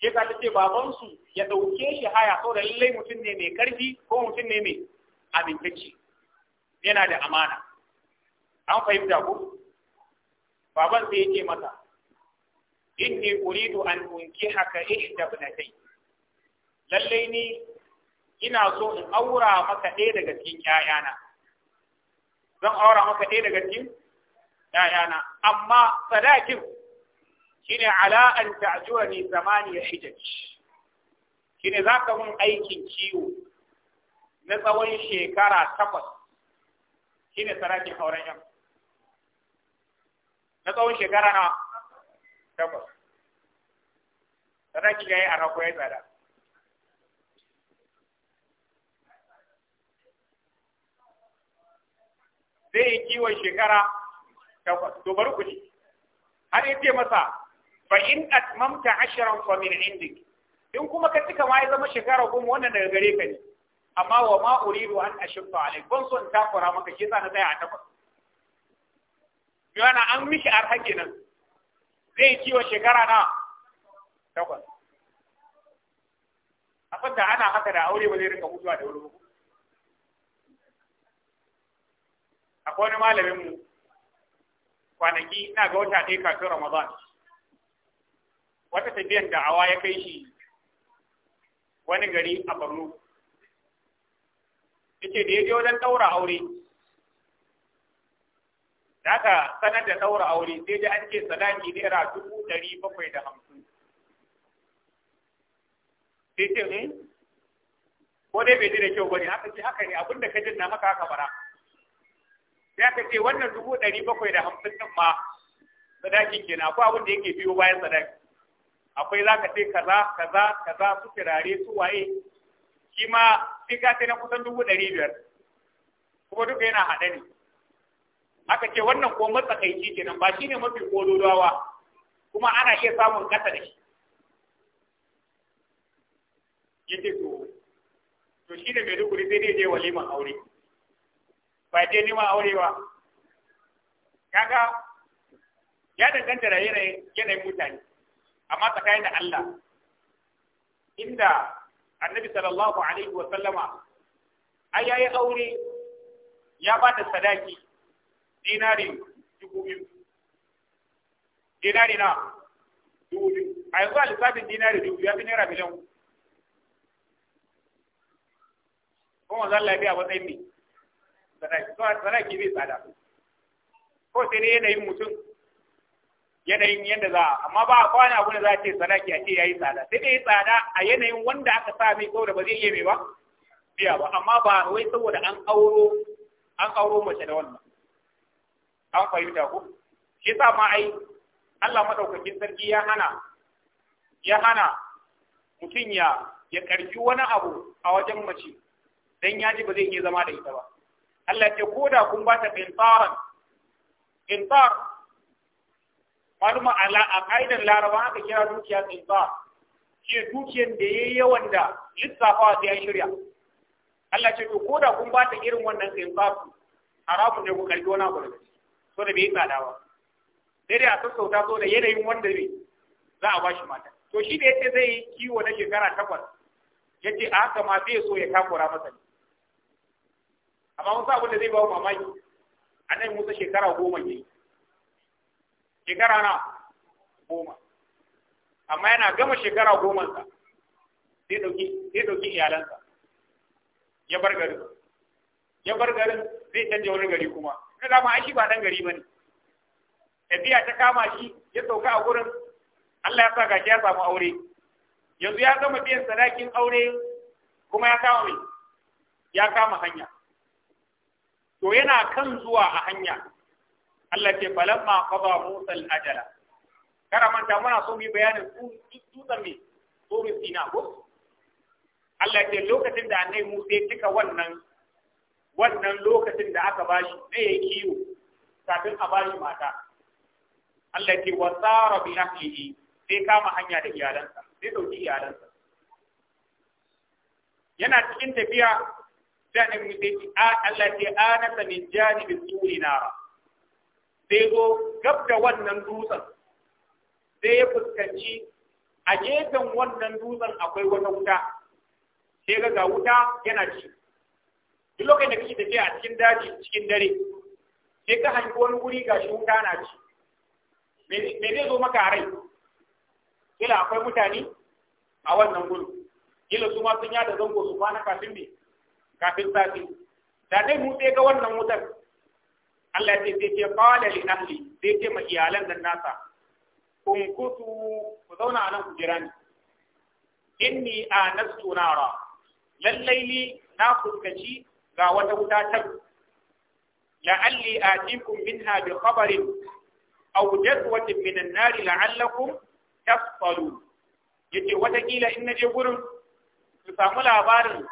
ce ka ta ce babansu ya ɗauke shi haya saboda lallai mutum ne mai ƙarfi ko mutum ne mai amintacce yana da amana an fahimta ku baban sai yake masa inni uridu an unki haka ihda ibnatay lallai ni ina so in aura maka ɗaya daga cikin ƴaƴana zan aura maka ɗaya daga cikin ‘ya'yana, amma sadakin shi ne ala an ta'ajuwa ne zamani ya hijaj, shi ne za ka mun aikin ciwo na tsawon shekara takwas, shi ne sadakin auren ‘yan. Na tsawon shekara na takwas, sadakin ya yi a rakwai ya tsada. zai yi kiwon shekara takwas to bari ku ji har yace masa fa in atmamta ashran fa min indik in kuma ka cika ma ya zama shekara goma wannan daga gare ka ne amma wa ma uridu an ashfa alaik ban so in takura maka shi yasa na tsaya a takwas yana an mishi arha nan zai yi kiwon shekara na takwas a fata ana haka da aure ba zai rinka mutuwa da wuri ba akwai wani malamin mu kwanaki ina ga wata ɗaya kafin Ramadan wata tafiyan awa ya kai shi wani gari a Borno yace da ya je wajen ɗaura aure da aka sanar da ɗaura aure sai da an ce sadaki naira dubu ɗari bakwai da hamsin sai ce eh? ko dai bai ji da kyau ba ne, haka ce haka ne abinda ka jin na maka haka bara sai aka ce wannan dubu ɗari bakwai da hamsin ɗin ma sadakin kenan akwai abin da yake biyo bayan sadaki akwai za ka ce kaza kaza kaza su firare su waye shi ma sai ka sai na kusan dubu ɗari biyar kuma duka yana haɗe ne aka ce wannan ko matsakaici kenan ba shine mafi kododawa kuma ana iya samun ƙasa da shi yace to to ne mai dukuri sai dai je walimar aure ba je aure ba kaga ya danganta da yanayin yanayin mutane amma tsakanin da Allah inda annabi sallallahu alaihi wa sallama ai yayi aure ya ba da sadaki dinari dubu biyu dinari na dubu biyu a yanzu a lissafin dinari dubu biyu ya fi naira miliyan kuma zan lafiya matsayin ne sadaki sadaki zai tsada ko sai ne yanayin mutum yanayin yadda za a amma ba a kwana abu da za a ce sadaki a ce ya yi tsada sai dai tsada a yanayin wanda aka sa mai da ba zai iya mai ba biya ba amma ba wai saboda an auro an auro mace da wannan an fahimta ko shi sa ma ai Allah madaukakin sarki ya hana ya hana mutum ya ya wani abu a wajen mace dan yaji ba zai iya zama da ita ba Allah ya ce ko da kun bata qintaran qintar maluma ala a kaidan laraba aka kira dukiya qintar ce dukiyan da yayi yawan da lissafawa sai ya shirya Allah ya ce to ko da kun bata irin wannan qintar haramun ne ku karbi wani abu daga so da bai tsada ba sai dai a sassauta so da yanayin wanda bai za a bashi mata to shi da yace zai yi kiwo na shekara takwas yace a haka ma zai so ya takura masa ne amma mun abin da zai ba mamaki annabi Musa shekara goma ne shekara na goma amma yana gama shekara goma sa zai dauki zai dauki iyalansa ya bar garin ya bar garin zai canje wani gari kuma na zama ai shi ba dan gari bane tafiya ta kama shi ya sauka a gurin Allah ya sa gashi ya samu aure yanzu ya zama biyan sadakin aure kuma ya kama mai ya kama hanya to yana kan zuwa a hanya Allah ce falamma qada Musa al-ajala Karamanta manta muna so mu bayanin dutsen me tsoro sina ko Allah ce lokacin da annabi Musa ya cika wannan wannan lokacin da aka bashi ne ya kiwo kafin a bashi mata Allah ce wasara bi ahlihi sai kama hanya da iyalansa sai dauki iyalansa yana cikin tafiya dani annabi Musa ya ce Allah ce anasa min janibi suri nara sai zo gab da wannan dutsen sai ya fuskanci a gefen wannan dutsen akwai wata wuta sai ga ga wuta yana ci duk lokacin da kake tafiya a cikin daji cikin dare sai ka hangi wani guri ga shi wuta na ci me zai zo maka a rai kila akwai mutane a wannan gudu kila su ma sun yada zango su kwana kafin ne kafin sati da dai mu ga wannan wutar Allah ce sai ce qala li ahli sai ce ma iyalan da nasa kun kutu ku zauna a nan ku jira ni inni anastu nara lallai ni na fuskaci ga wata wuta ta la'alli atikum minha bi khabarin aw jazwatin min an-nar la'allakum tasfalu yace wata kila in naje gurin ku samu labarin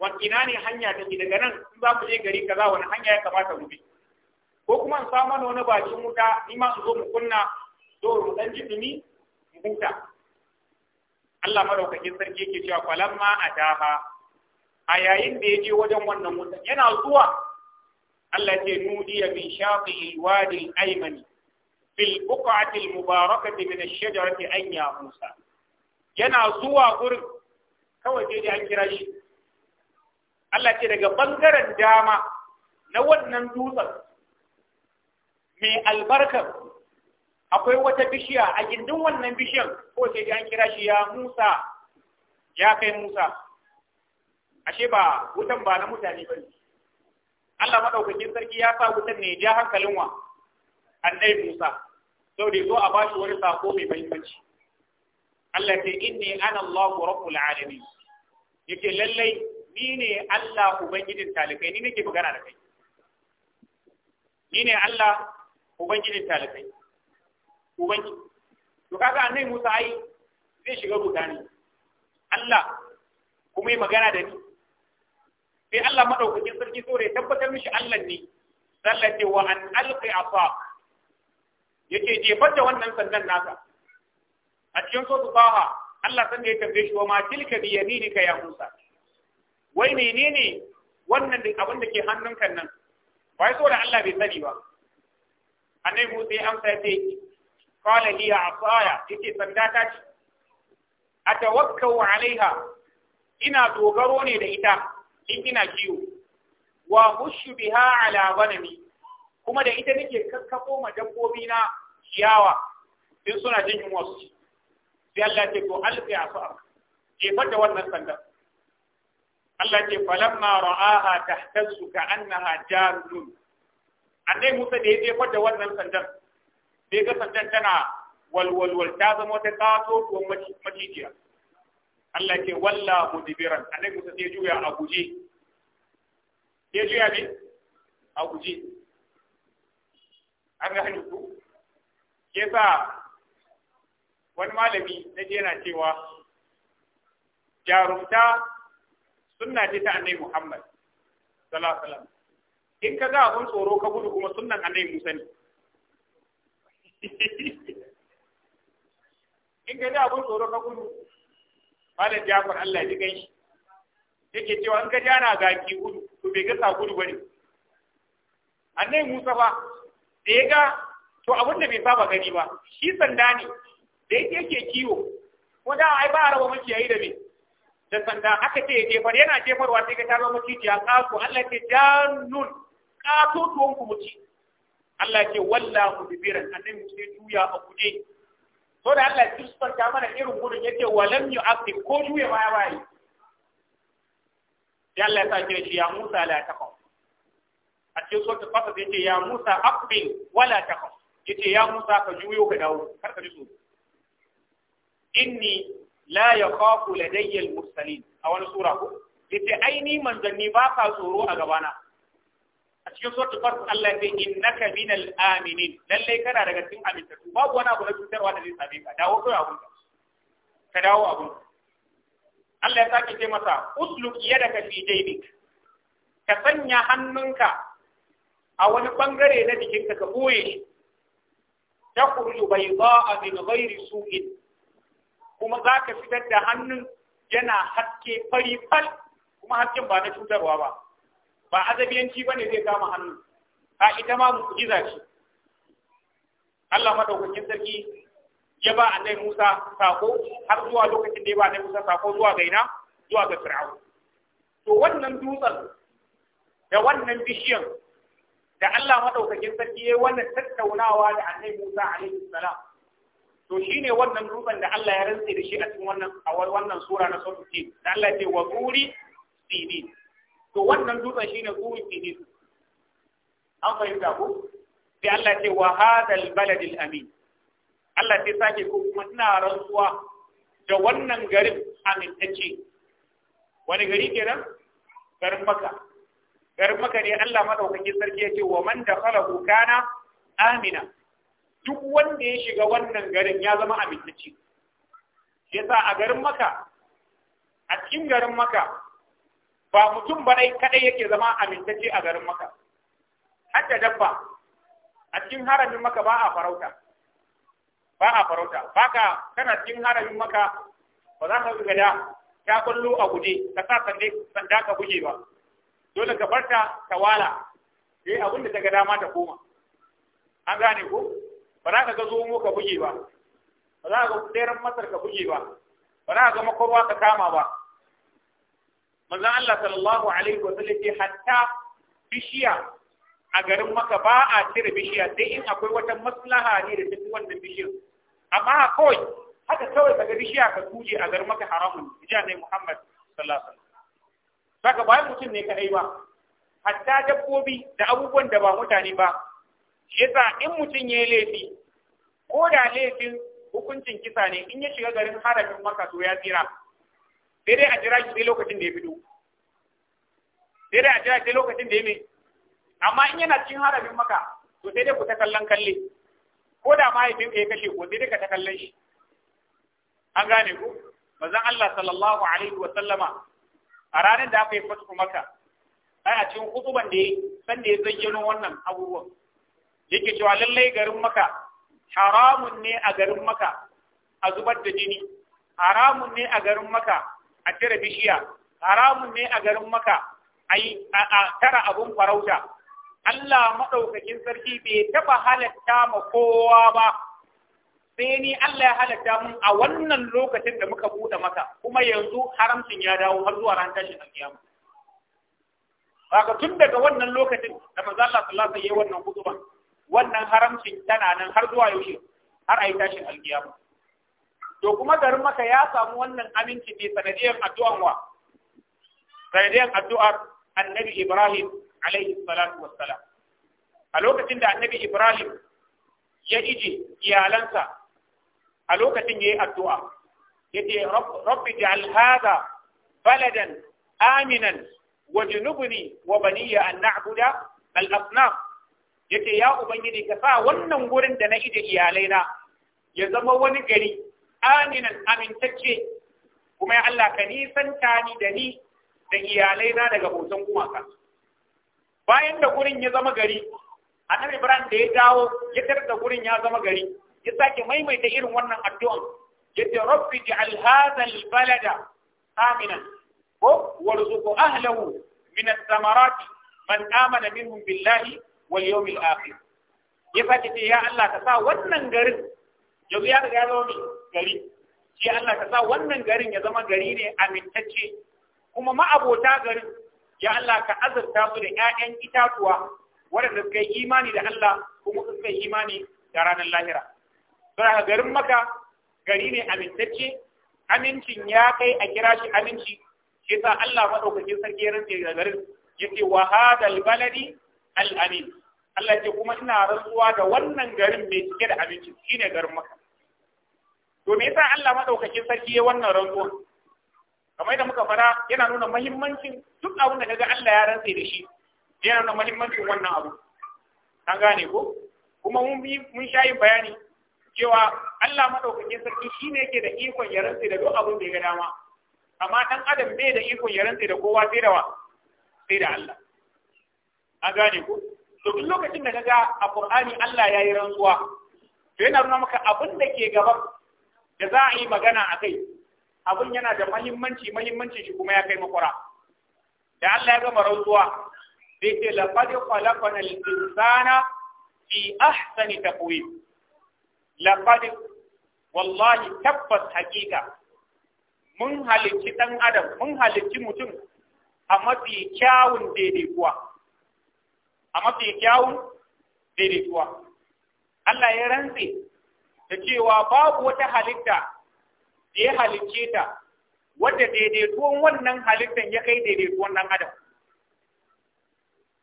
wa ina ne hanya take daga nan in za ku je gari kaza wani hanya ya kamata mu bi ko kuma in samu wani bakin wuta ni ma in zo mu kunna zo mu dan ji dumi mu huta Allah madaukakin sarki yake cewa falamma ataha a yayin da ya je wajen wannan wuta yana zuwa Allah ya ce nudiya min shaqi'il wadi al-aymani fil buq'ati al-mubarakati min ash-shajarati an ya Musa yana zuwa gurin kawai sai an kira shi Allah ce daga bangaren dama na wannan dutsen mai albarkar akwai wata bishiya a gindin wannan bishiyar ko sai an kira shi ya Musa ya kai Musa ashe ba wutan ba na mutane ba Allah madaukakin sarki ya sa wutan ne ja hankalin wa annabi Musa da zo a bashi wani sako mai muhimmanci Allah ce inni ana Allahu rabbul alamin yake lallai ni ne Allah ubangijin talibai ni nake magana da kai ni ne Allah ubangijin talibai ubangi to kaga annabi Musa ai zai shiga rudani Allah kuma yi magana da ni sai Allah madaukakin sarki so ya tabbatar mishi Allah ne sallace wa an alqi afa yake jefar da wannan sandan naka a cikin sotu baha Allah san da ya tambaye shi wa ma tilka bi yaminika ya Musa wai menene wannan abin da ke hannunka nan wai saboda Allah bai sani ba annabi Musa ya amsa ce qala li asaya yace sanda ta ce atawakkau alaiha ina dogaro ne da ita in ina kiwo wa hushu biha ala ghanami kuma da ita nake kakkabo ma dabbobi na ciyawa in suna jin yunwa su sai Allah ya ce to alfi asaka jefar da wannan sandan. Allah ce falamma ra'aha tahtazzu ka'annaha jarun annai Musa da ya je da wannan sandan sai ga sandan tana walwalwal ta zama wata kaso ko macijiya Allah ke walla mudbiran annai Musa sai juya a guje sai juya ne a guje an ga hannu sa wani malami na je na cewa jarumta sunna ce ta annabi Muhammad sallallahu alaihi wasallam in ka ga abun tsoro ka gudu kuma sunnan annabi Musa ne in ka ga abun tsoro ka gudu malam Jafar Allah ya gani yake cewa in ka jana ga ki gudu to bai ga sa gudu bane annabi Musa fa da ya ga to abin da bai saba gani ba shi sanda ne da yake kiwo ko da ai ba a raba makiyayi da ni. da sanda aka ce ya jefar yana wa sai ka tarwa maciji a ƙato Allah ce jannun ƙato tuwon ku muci Allah ce walla ku bibiran annabi sai juya a kuje so da Allah ya ta mana irin gudun yake walam yu'aqib ko juya ba ya bai ya sa ta ce ya Musa la ta a cikin fasa Fatir yace ya Musa aqbil wala ta ce ya Musa ka juyo ka dawo kar ka ji so. inni la ya khafu ladayyar al-mursalin a wani sura ko yace aini manzanni ba ka tsoro a gabana a cikin sortu farko Allah ya ce innaka minal aminin lallai kana daga cikin amintattu babu wani abu na cutarwa da zai same ka dawo kai abun ka dawo abun Allah ya sake ce masa usluk yadaka fi jaybik ka sanya hannunka a wani bangare na jikinka ka boye ta kurju bai a min ghairi su'in kuma za ka fitar da hannun yana haske fari fal kuma hasken ba na cutarwa ba ba azabiyanci ba ne zai kama hannun a ita ma mu'jiza ce Allah madaukakin sarki ya ba a Musa sako har zuwa lokacin da ya ba a Musa sako zuwa gaina zuwa ga Fir'aun to wannan dutsen da wannan bishiyan da Allah madaukakin sarki ya wannan tattaunawa da annai Musa alaihi salam to shi ne wannan dutsen da Allah ya rantsi da shi a cikin wannan a wannan sura na sura ce da Allah ya ce wa turi sini to wannan dutsen shi ne turi sini an fahimta ko sai Allah ya ce wa hadal baladil amin Allah sai sake ko kuma ina rantsuwa da wannan garin amintacce wani gari kenan garin maka garin maka ne Allah madaukakin sarki ya ce wa man da dakhalahu kana amina duk wanda ya shiga wannan garin ya zama amintacce yasa a garin maka a cikin garin maka ba mutum ba dai kadai yake zama amintacce a garin maka hatta dabba a cikin haramin maka ba a farauta ba a farauta baka kana cikin haramin maka ba za ka gada ta kullu a guje ka sa sande sanda ka buge ba dole ka barta ta wala sai abin da ta ga dama ta koma an gane ko ba za ka ga zomo ka buge ba ba za ka ga tseren masar ka buge ba ba za ka ga makwarwa ka kama ba manzon Allah sallallahu alaihi wa sallam ce hatta bishiya a garin maka ba a cire bishiya sai in akwai wata maslaha ne da tafi wannan bishiyar amma kawai haka kawai ga bishiya ka kuje a garin maka haramun jiya ne Muhammad sallallahu alaihi wasallam saka bayan mutum ne ka aiwa hatta dabbobi da abubuwan da ba mutane ba shi yasa in mutum ya yi laifi ko da laifin hukuncin kisa ne in ya shiga garin harafin maka to ya tsira sai dai a jira shi sai lokacin da ya fito sai dai a jira sai lokacin da ya mai amma in yana cikin harafin maka to sai dai ku ta kallon kalle ko da mahaifin ka ya kashe ko sai dai ka ta kallon shi an gane ku manzon Allah sallallahu alaihi wa sallama a ranar da aka yi fatu maka ana cikin hutuban da ya san da ya zayyano wannan abubuwan yake cewa lallai garin maka haramun ne a garin maka a zubar da jini haramun ne a garin maka a cire bishiya haramun ne a garin maka a tara abun farauta Allah maɗaukakin sarki bai taɓa halatta ma kowa ba sai ni Allah ya halatta mun a wannan lokacin da muka buɗe maka kuma yanzu haramcin ya dawo har zuwa ran tashin Ba ka tun daga wannan lokacin da manzo Allah sallallahu alaihi wasallam ya wannan kutuba wannan haramcin tana nan har zuwa yaushe har a yi tashin alkiyama to kuma garin maka ya samu wannan aminci ne sanadiyar addu'an wa sanadiyar addu'ar annabi ibrahim alaihi salatu wassalam a lokacin da annabi ibrahim ya ije iyalansa a lokacin ya yi addu'a ya yace rabbi ja'al hadha baladan aminan wajnubni wa baniya an na'budu al-asnam yake ya ubangiji ka sa wannan gurin da na ije iyalaina ya zama wani gari aminan amintacce kuma ya Allah ka nisanta ni da ni da iyalaina daga hoton gumaka bayan da gurin ya zama gari annabi Ibrahim da ya dawo ya tar da gurin ya zama gari ya sake maimaita irin wannan addu'an yace rabbi ja'al hadha al-balada aminan ko warzuqu ahlahu min ath man amana minhum billahi wal yawmil akhir ya fadi ce ya Allah ka sa wannan garin yanzu ya riga ya zama gari ce Allah ka sa wannan garin ya zama gari ne amintacce kuma ma'abota garin ya Allah ka azurta su da ƴaƴan itatuwa waɗanda suka yi imani da Allah kuma suka yi imani da ranar lahira saboda garin maka gari ne amintacce amincin ya kai a kira shi aminci shi sa Allah madaukakin sarki ya rantse da garin yace wa hadal baladi al-amin Allah ce kuma ina rantsuwa da wannan garin mai cike da abinci shine garin maka, to me yasa Allah madaukakin sarki ya wannan rantsuwa kamar da muka fara yana nuna muhimmancin duk abin da ga Allah ya rantsa da shi yana nuna muhimmancin wannan abu an gane ko kuma mun bi mun shayi bayani cewa Allah madaukakin sarki shine yake da ikon ya rantsa da duk abin da ya ga dama amma dan adam bai da ikon ya rantsa da kowa sai da wa sai da Allah an gane ku to duk lokacin da kaga a Qur'ani Allah ya yi rantsuwa to yana nuna maka abin da ke gaba da za a yi magana a kai abin yana da mahimmanci mahimmancin shi kuma ya kai makwara da Allah ya gama rantsuwa sai ce laqad khalaqana al-insana fi ahsani taqwim laqad wallahi tabbas hakika mun halicci dan adam mun halicci mutum a mafi kyawun daidaikuwa a mafi kyawun daidaituwa Allah ya rantse da cewa babu wata halitta da ya halicce ta wadda daidaituwan wannan halittan ya kai daidaituwan dan adam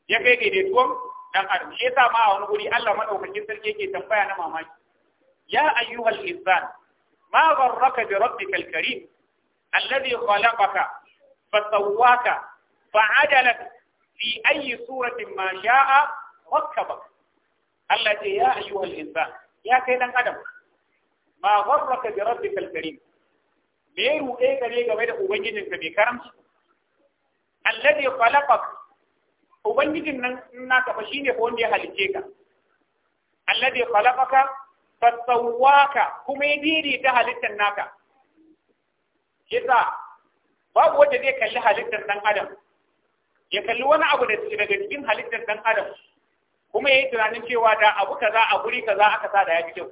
ya kai daidaituwan dan adam shi yasa ma a wani guri Allah madaukakin sarki yake tambaya na mamaki ya ayyuhal insan ma gharraka bi rabbikal karim alladhi khalaqaka fa 'adalaka fi ayi suratin ma sha'a wakkaba Allah ce ya ayyuhal insan ya kai dan adam ma gharraka bi rabbikal karim me ruɗe gare game da ubangijinka mai karamci alladhi khalaqak ubangijin nan naka fa shine ko wanda ya halice ka alladhi khalaqaka fasawwaka kuma ya diri ta halittar naka yasa babu wanda zai kalli halittar dan adam ya kalli wani abu da daga cikin halittar dan adam kuma ya yi tunanin cewa da abu ka za, a guri za aka sa da ya fi kyau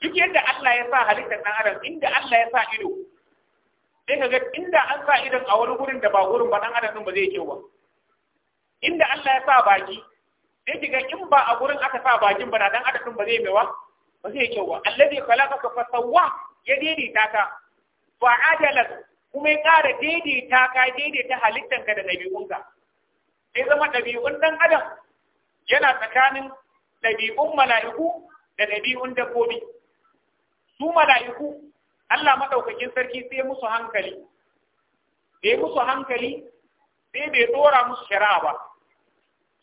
duk yadda Allah ya sa halittar dan adam inda Allah ya sa ido sai ka ga inda an sa idon a wani gurin da ba gurin ba dan adam din ba zai kyau ba inda Allah ya sa baki sai ki ga in ba a gurin aka sa bakin ba na dan adam din ba zai mewa ba zai kyau ba allazi khalaqaka ka sawwa ya daidaita ka fa kuma ya ƙara daidaita ka daidaita halittanka da ɗabi'unka sai zama ɗabi'un ɗan adam yana tsakanin ɗabi'un mala'iku da ɗabi'un dabbobi su mala'iku Allah maɗaukakin sarki sai musu hankali da ya musu hankali sai bai ɗora musu shari'a ba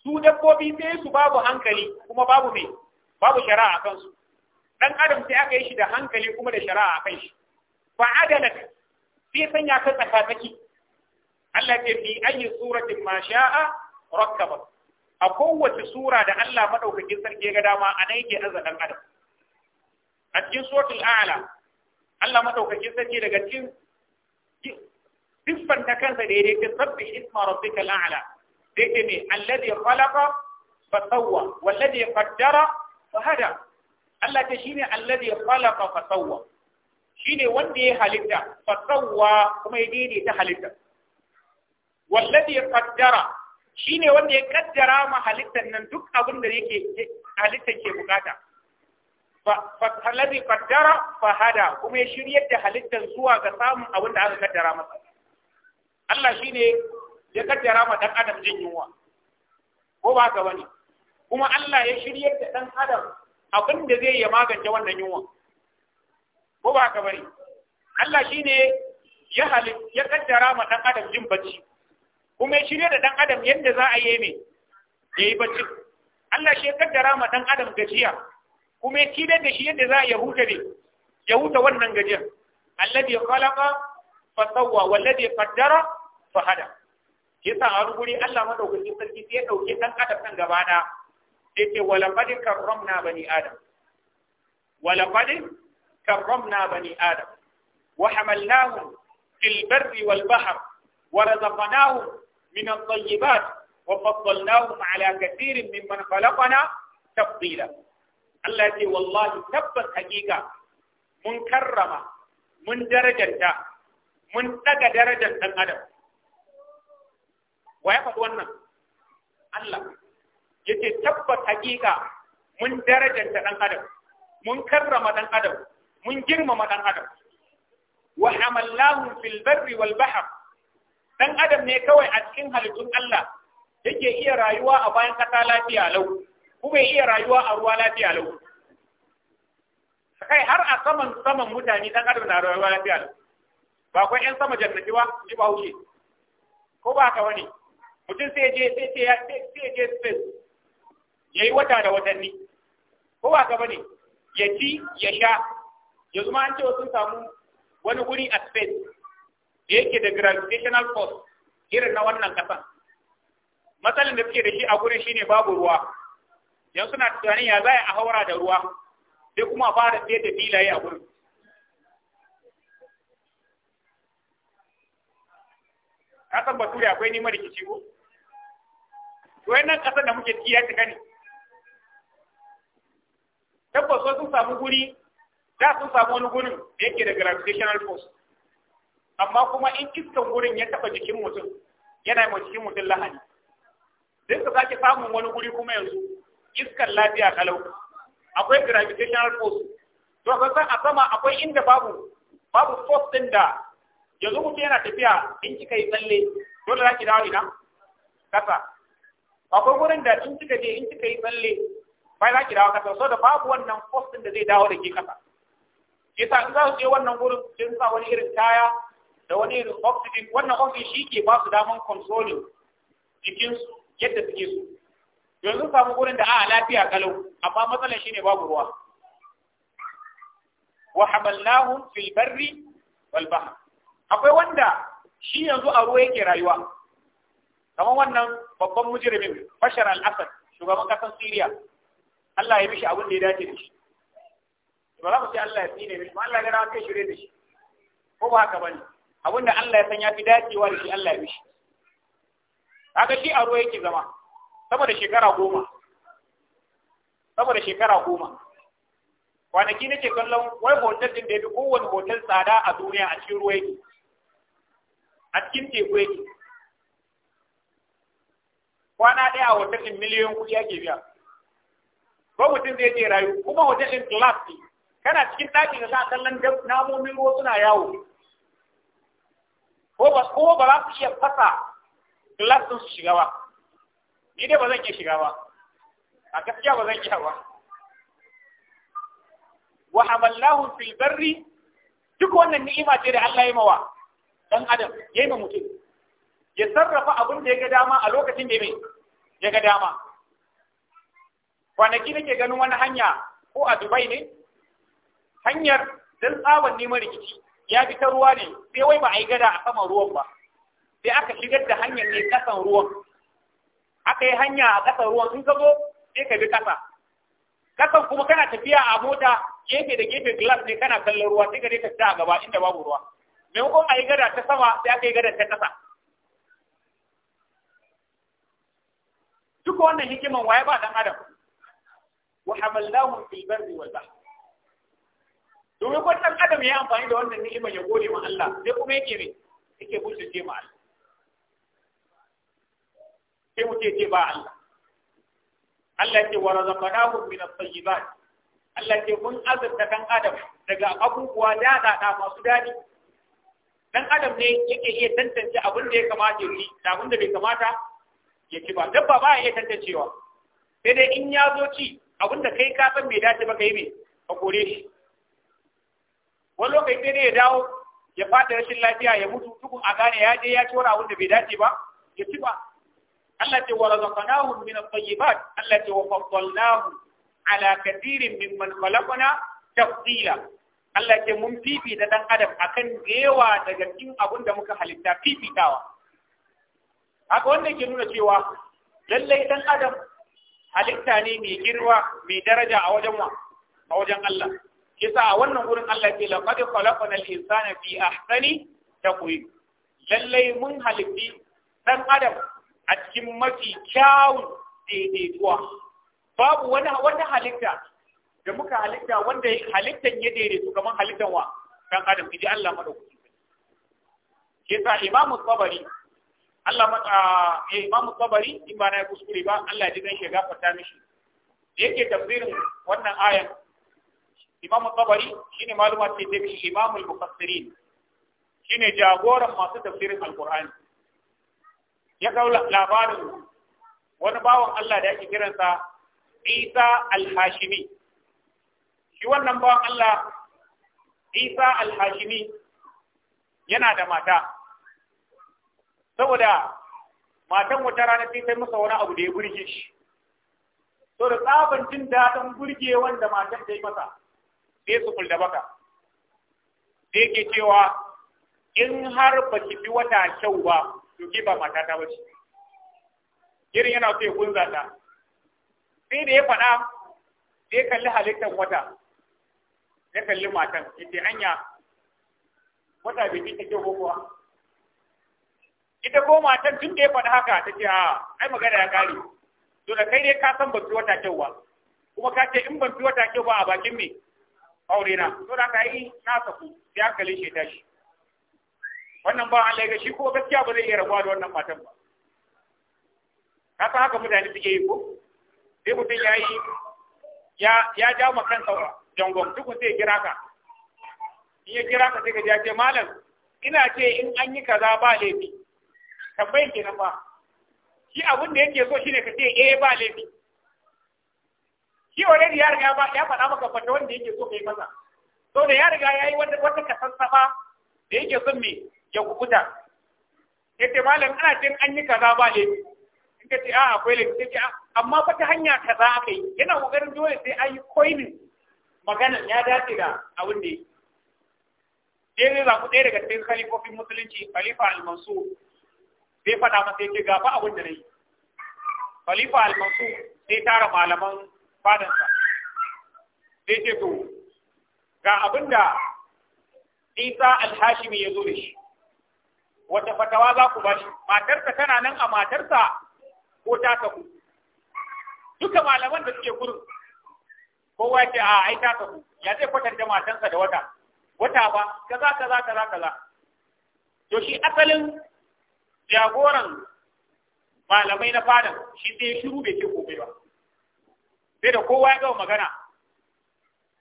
su dabbobi sai su babu hankali kuma babu mai babu shari'a a kansu ɗan adam sai aka yi shi da hankali kuma da shari'a a kan shi fa adalat sai sanya ka tsakatsaki Allah ce fi ayi suratin ma sha'a rakkaba a kowace sura da Allah madaukakin sarki ga dama a nan yake azadan adam a cikin suratul a'la Allah madaukakin sarki daga cikin siffan ta kansa da yake sabbi isma rabbikal a'la sai ce ne alladhi khalaqa fa sawwa walladhi qaddara fa hada Allah ta shine alladhi khalaqa fa sawwa Shi ne wanda ya halitta fasawa kuma ya ta halitta wallazi qaddara shine wanda ya kaddara ma halittan nan duk abin da yake halittar ke bukata fallazi qaddara hada kuma ya shirya da halittar zuwa ga samun abin da aka kaddara masa Allah shine ya kaddara ma dan adam jin yunwa ko ba ka bane kuma Allah ya shirya da dan adam abin da zai ya magance wannan yunwa ko ba ka bari Allah shine ya halin ya kaddara ma dan adam jin bacci kuma ya shirya da dan adam yadda za a yi me yi bacci Allah shi ya kaddara ma dan adam gajiya kuma ya tidar da shi yadda za a yahuta ne ya huta wannan gajiyar ya khalaqa fa sawwa walladhi qaddara fa hada kisa a guri Allah madaukaki sarki sai ya dauke dan adam nan gaba da sai ce wala qad karramna bani adam wala qad كرمنا بني آدم وحملناهم في البر والبحر ورزقناهم من الطيبات وفضلناهم على كثير ممن خلقنا تفضيلا التي والله تبت حقيقة من كرمة من درجة من تقى درجة الأدب أدم ويفض الله يتبت حقيقة من درجة الأدب من كرمة الأدب mun girmama dan adam wa hamallahu fil barri wal bahr dan adam ne kawai a cikin halittun Allah yake iya rayuwa a bayan kasa lafiya lau kuma ya iya rayuwa a ruwa lafiya lau kai har a saman saman mutane dan adam na rayuwa lafiya lau ba kwa yan sama jannati ba ji ba huke ko ba ka wani mutum sai je sai ce sai je space yayi wata da watanni ko ba ka bane ya ci ya sha yanzu ma an cewa sun samu wani wuri a space da yake da gravitational force irin na wannan kasan matsalin da suke da shi a gurin shine babu ruwa yanzu suna tunanin ya zai a haura da ruwa sai kuma fara sai da filaye a gurin kasan bature akwai nima rikici ko to wannan kasan da muke ciki ya cika ne tabbas sun samu guri da sun samu wani gurin da yake da gravitational force amma kuma in iskan gurin ya taba jikin mutum yana ma jikin mutum lahani sai ka sake samun wani guri kuma yanzu iskan lafiya kalau akwai gravitational force to ka san a sama akwai inda babu babu force din da yanzu mutum yana tafiya in kika yi tsalle dole za ki dawo ina kasa akwai gurin da in kika je in kika yi tsalle bai za ki dawo kasa so da babu wannan force din da zai dawo da ke kasa kisa in za su je wannan wurin sun sa wani irin kaya da wani irin oxygen wannan oxygen shi ke ba su daman controlling jikinsu yadda suke so yanzu samu gurin da a lafiya kalau amma matsalar shine babu ruwa wa hamalnahum fil barri wal bahr akwai wanda shi yanzu a ruwa yake rayuwa kamar wannan babban mujrimin Bashar al-Assad shugaban kasar Syria Allah ya mishi abin da ya dace da shi To za ku ce Allah ya tsine mishi Allah ya rawa kai shirye da shi ko ba haka bane abinda Allah ya san ya fi dacewa da shi Allah ya mishi kaga shi a ruwa yake zama saboda shekara goma saboda shekara goma kwanaki nake kallon wai hotel din da ya fi kowane hotel tsada a duniya a cikin ruwa yake a cikin teku yake kwana ɗaya a hotel din miliyoyin kuɗi ake biya ko mutum zai je rayu kuma hotel din class ne kana cikin ɗaki da a kallon namomin ruwa suna yawo ko ba ko ba za su iya fasa glass su shiga ba ni dai ba zan iya shiga ba a gaskiya ba zan iya ba wa hamallahu fil barri duk wannan ni'ima ce da Allah ya mawa dan adam yayi ma mutum ya sarrafa abin da ya ga dama a lokacin da ya ga dama kwanaki nake ganin wani hanya ko a Dubai ne hanyar don tsawon neman rikici ya bi ta ruwa ne sai wai ba a yi gada a saman ruwan ba sai aka shigar da hanyar ne kasan ruwan aka yi hanya a kasan ruwan in ka zo sai ka bi kasa kasan kuma kana tafiya a mota gefe da gefe glass ne kana kallon ruwa sai ka dai tafiya a gaba inda babu ruwa maimakon a yi gada ta sama sai aka yi gada ta kasa duka wannan hikiman waye ba dan adam wa hamallahu fil barri wal bahr domin ko ɗan adam ya amfani da wannan ni'ima ya gode wa Allah sai kuma yake ne yake bushuje ma Allah sai mu ce ba Allah Allah ce wa razaqnahu min at-tayyibat Allah ce mun azurta ɗan adam daga abubuwa da masu dadi Ɗan adam ne yake iya tantance abin da ya kamata ya ci da abin da bai kamata ya ci ba dabba ba ya iya tantancewa sai dai in ya zo ci abin da kai ka san bai dace ba kai ne ka kore shi wani lokaci sai ne ya dawo ya fata rashin lafiya ya mutu tukun a gane ya je ya ci wani abin da bai dace ba ya ci ba Allah ce wa razaqnahum min at-tayyibat Allah ce wa faddalnahum ala kathirin mimman khalaqna tafdila Allah ce mun fifita dan adam akan gewa daga cikin abin da muka halitta fifitawa haka wanda ke nuna cewa lallai dan adam halitta ne mai girma mai daraja a wajen wa a wajen Allah kisa a wannan gurin Allah ce laqad khalaqna al-insana fi ahsani taqwim lallai mun halifi dan adam a cikin mafi kyawun daidaituwa babu wani wata halitta da muka halitta wanda halittan ya daidaitu kamar halittan wa dan adam idan Allah madaukaki kisa imam tabari Allah mata eh imamu tsabari in ba na kuskure ba Allah ya ji dan shiga fata mishi yake tafsirin wannan ayan imamu tabari shine maluma ce ta imamu imamul mufassirin shine jagoran masu tafsirin al-qur'ani ya kawo labarin wani bawan Allah da yake kiransa Isa al-Hashimi shi wannan bawan Allah Isa al-Hashimi yana da mata saboda matan wata rana sai sai masa wani abu da ya burge shi to da tsaban jin daɗin burge wanda matan ta yi masa sai su kulda baka sai ke cewa in har ba ki fi wata kyau ba to ki ba mata ta bace irin yana so ya kunza ta sai da ya faɗa sai kalli halittar wata ya kalli matan ce anya wata bai fi ta kyau kuwa ita ko matan tun da ya faɗa haka ta ce a ai magana ya kare to da kai dai ka san ba ki wata kyau ba kuma ka ce in ban fi wata kyau ba a bakin me aure na to da kai yi na ku sai hankalin shi tashi wannan ba Allah ga shi ko gaskiya ba zai iya rabuwa da wannan matan ba ka san haka mutane suke yi ko sai mutum ya yi ya ya ja ma kansa jangon duk sai kira ka in ya kira ka sai ka ja ce malam ina ce in an yi kaza ba laifi tambayin kenan ba shi abin da yake so shine ka ce eh ba laifi shi already ya riga ba ya faɗa maka fata wanda yake so kai masa so da ya riga ya yi wata wata kasassafa da yake son me ya kukuta yace malam ana jin an yi kaza ba ne in ka ce a ah, akwai laifi sai ce ah, amma fa ta hanya kaza aka yi yana kokarin dole sai an yi koinin magana ya dace da abin da yake sai zai ɗaya daga cikin khalifofin musulunci khalifa al-mansur sai faɗa masa yake gafa abin da na yi khalifa al-mansur sai tara malaman fadansa sai ce to ga abin da isa alhashimi ya zo da shi wata fatawa za ku bashi matarsa tana nan a matarsa ko ta saku duka malaman da suke gurin kowa ce a ai ta saku ya zai kwatanta matansa da wata wata ba kaza kaza kaza kaza to shi asalin jagoran malamai na fadan shi sai shiru bai ce komai ba sai da kowa ya gama magana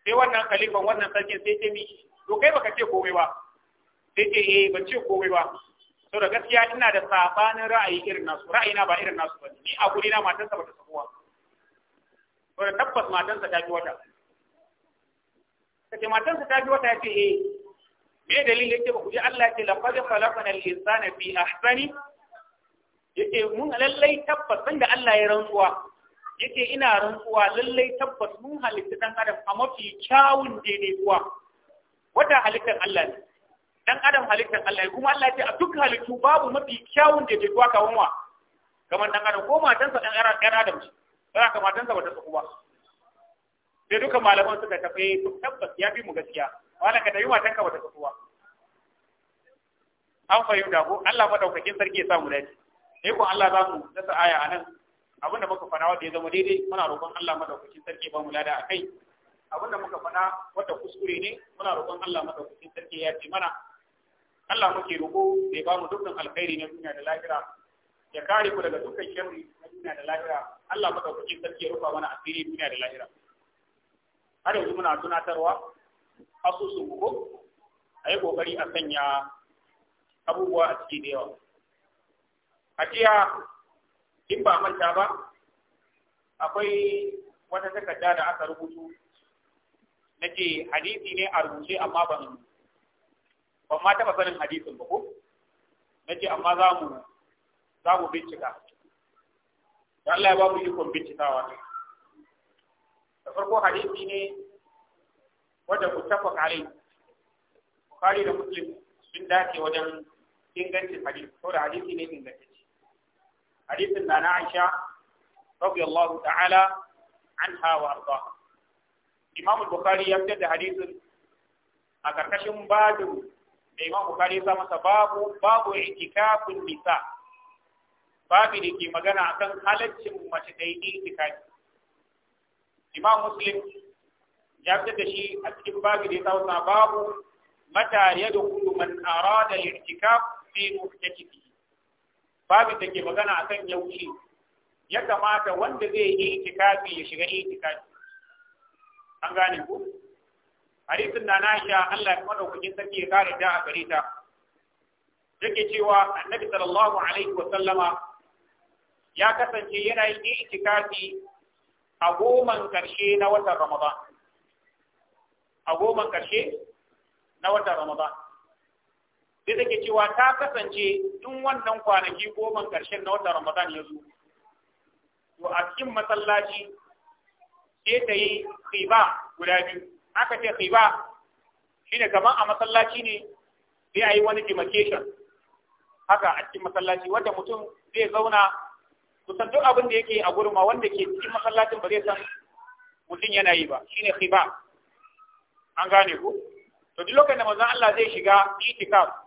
sai wannan kalifan wannan sarkin sai ce mishi to kai baka ce komai ba sai ce eh ban ce komai ba da gaskiya ina da sabanin ra'ayi irin nasu ra'ayina ba irin nasu ba. ni a guri na matansa bata to da tabbas matansa ta bi wata kace matansa ta bi wata ya ce eh me dalilin yake ba ku ji Allah yake ce laqad khalaqana al-insana fi ahsani yake mun lallai tabbas da Allah ya rantsuwa yake ina rantsuwa lallai tabbas mun halitta dan adam a mafi kyawun daidaituwa wata halittar Allah ne dan adam halittar Allah ne kuma Allah ya ce a duk halittu babu mafi kyawun daidaituwa kaman wa kamar dan adam ko matansa dan ɗan adam ce ba ka matansa bata tsaku ba sai duka malaman suka tafi tabbas ya fi mu gaskiya wala ka tafi matanka bata tsaku ba an fahimta ko Allah madaukakin sarki ya samu dace sai ko Allah za mu dasa aya anan abin da muka fana wanda ya zama daidai muna roƙon Allah madaukakin sarki ba mu lada akai abin da muka fana wanda kuskure ne muna roƙon Allah madaukakin sarki ya ce mana Allah muke roƙo da ya ba mu dukkan alkhairi na duniya da lahira ya kare ku daga dukkan sharri na duniya da lahira Allah madaukakin sarki ya rufa mana asiri duniya da lahira har yanzu muna tunatarwa asusun ko a yi kokari a sanya abubuwa a ciki da yawa a jiya in ba manta ba akwai wata takarda da aka rubutu na ce hadisi ne a rubuce amma ban ban ma taɓa sanin hadisin ba ko na ce amma za mu za mu bincika da Allah ya ba mu ikon bincikawa da farko hadisi ne wanda ku tafa kare Bukhari da Muslim sun dace wajen ingancin hadisi ko da hadisi ne ingancin hadisin na Aisha radiyallahu ta'ala anha wa ardaha Imam Bukhari ya fitar da hadisin a karkashin babu da Imam Bukhari ya masa babu babu itikafin nisa babu da ke magana akan halaccin mace da yi itikafi Imam Muslim ya fitar da shi a cikin babu da ya sa babu mata yadkhulu man arada al-i'tikaf fi muhtajjihi babin da ke magana akan yaushe ya kamata wanda zai yi itikafi ya shiga itikafi an gane ku hadisin na Aisha Allah ya madaukakin sarki ya kare ta a gare yake cewa annabi sallallahu alaihi wa sallama ya kasance yana yin itikafi a goman karshe na watan Ramadan a goman karshe na watan Ramadan sai take cewa ta kasance tun wannan kwanaki goma ƙarshen na watan Ramadan ya zo. To a cikin masallaci sai ta yi khiba guda biyu. Aka ce khiba shine kamar a masallaci ne sai a yi wani demarcation haka a cikin masallaci wanda mutum zai zauna kusan duk abin da yake a gurin ma wanda ke cikin masallacin ba zai san mutum yana yi ba shine khiba an gane ku to duk lokacin da manzon Allah zai shiga itikaf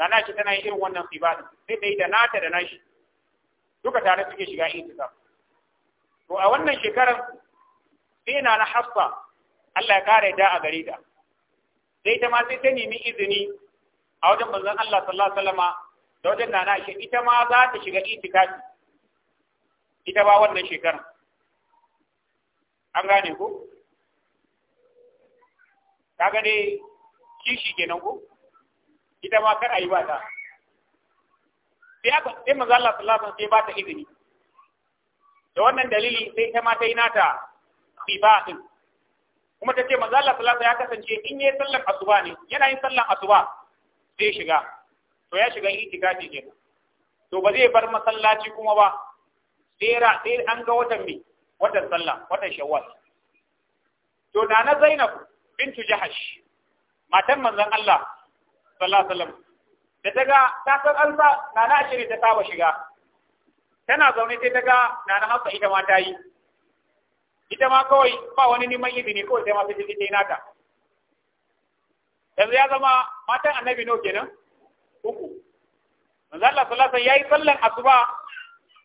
Nana shi tana yin irin wannan ibada sai dai da nata da nashi duka tare suke shiga itikaf to a wannan shekarar sai na na hafsa Allah ya kare da a gare ta sai ta ma sai ta nemi izini a wajen manzon Allah sallallahu alaihi wasallama da wajen nana shi ita ma za ta shiga itikafi ita ba wannan shekarar an gane ku? Ka gane kishi kenan ita ma kar a yi ba ta sai maza sai manzo Allah sallallahu alaihi wasallam sai ba ta izini da wannan dalili sai ta ma ta yi nata sifa din kuma ta ce manzo Allah sallallahu ya kasance in yayi sallar asuba ne yana yin sallar asuba Zai shiga to ya shiga itikafi kenan to ba zai bar masallaci kuma ba sai ra sai an ga watan me watan sallah watan shawwal to na na Zainab bintu Jahash matan manzon Allah sallallahu alaihi wasallam da ta ga ta san an sa nana ashiri ta saba shiga tana zaune sai ta ga na hafsa ita ma ta yi ita ma kawai ba wani neman izini kawai sai ma ta jiki ta nata yanzu ya zama matan annabi no kenan uku manzo Allah sallallahu alaihi yayi sallan asuba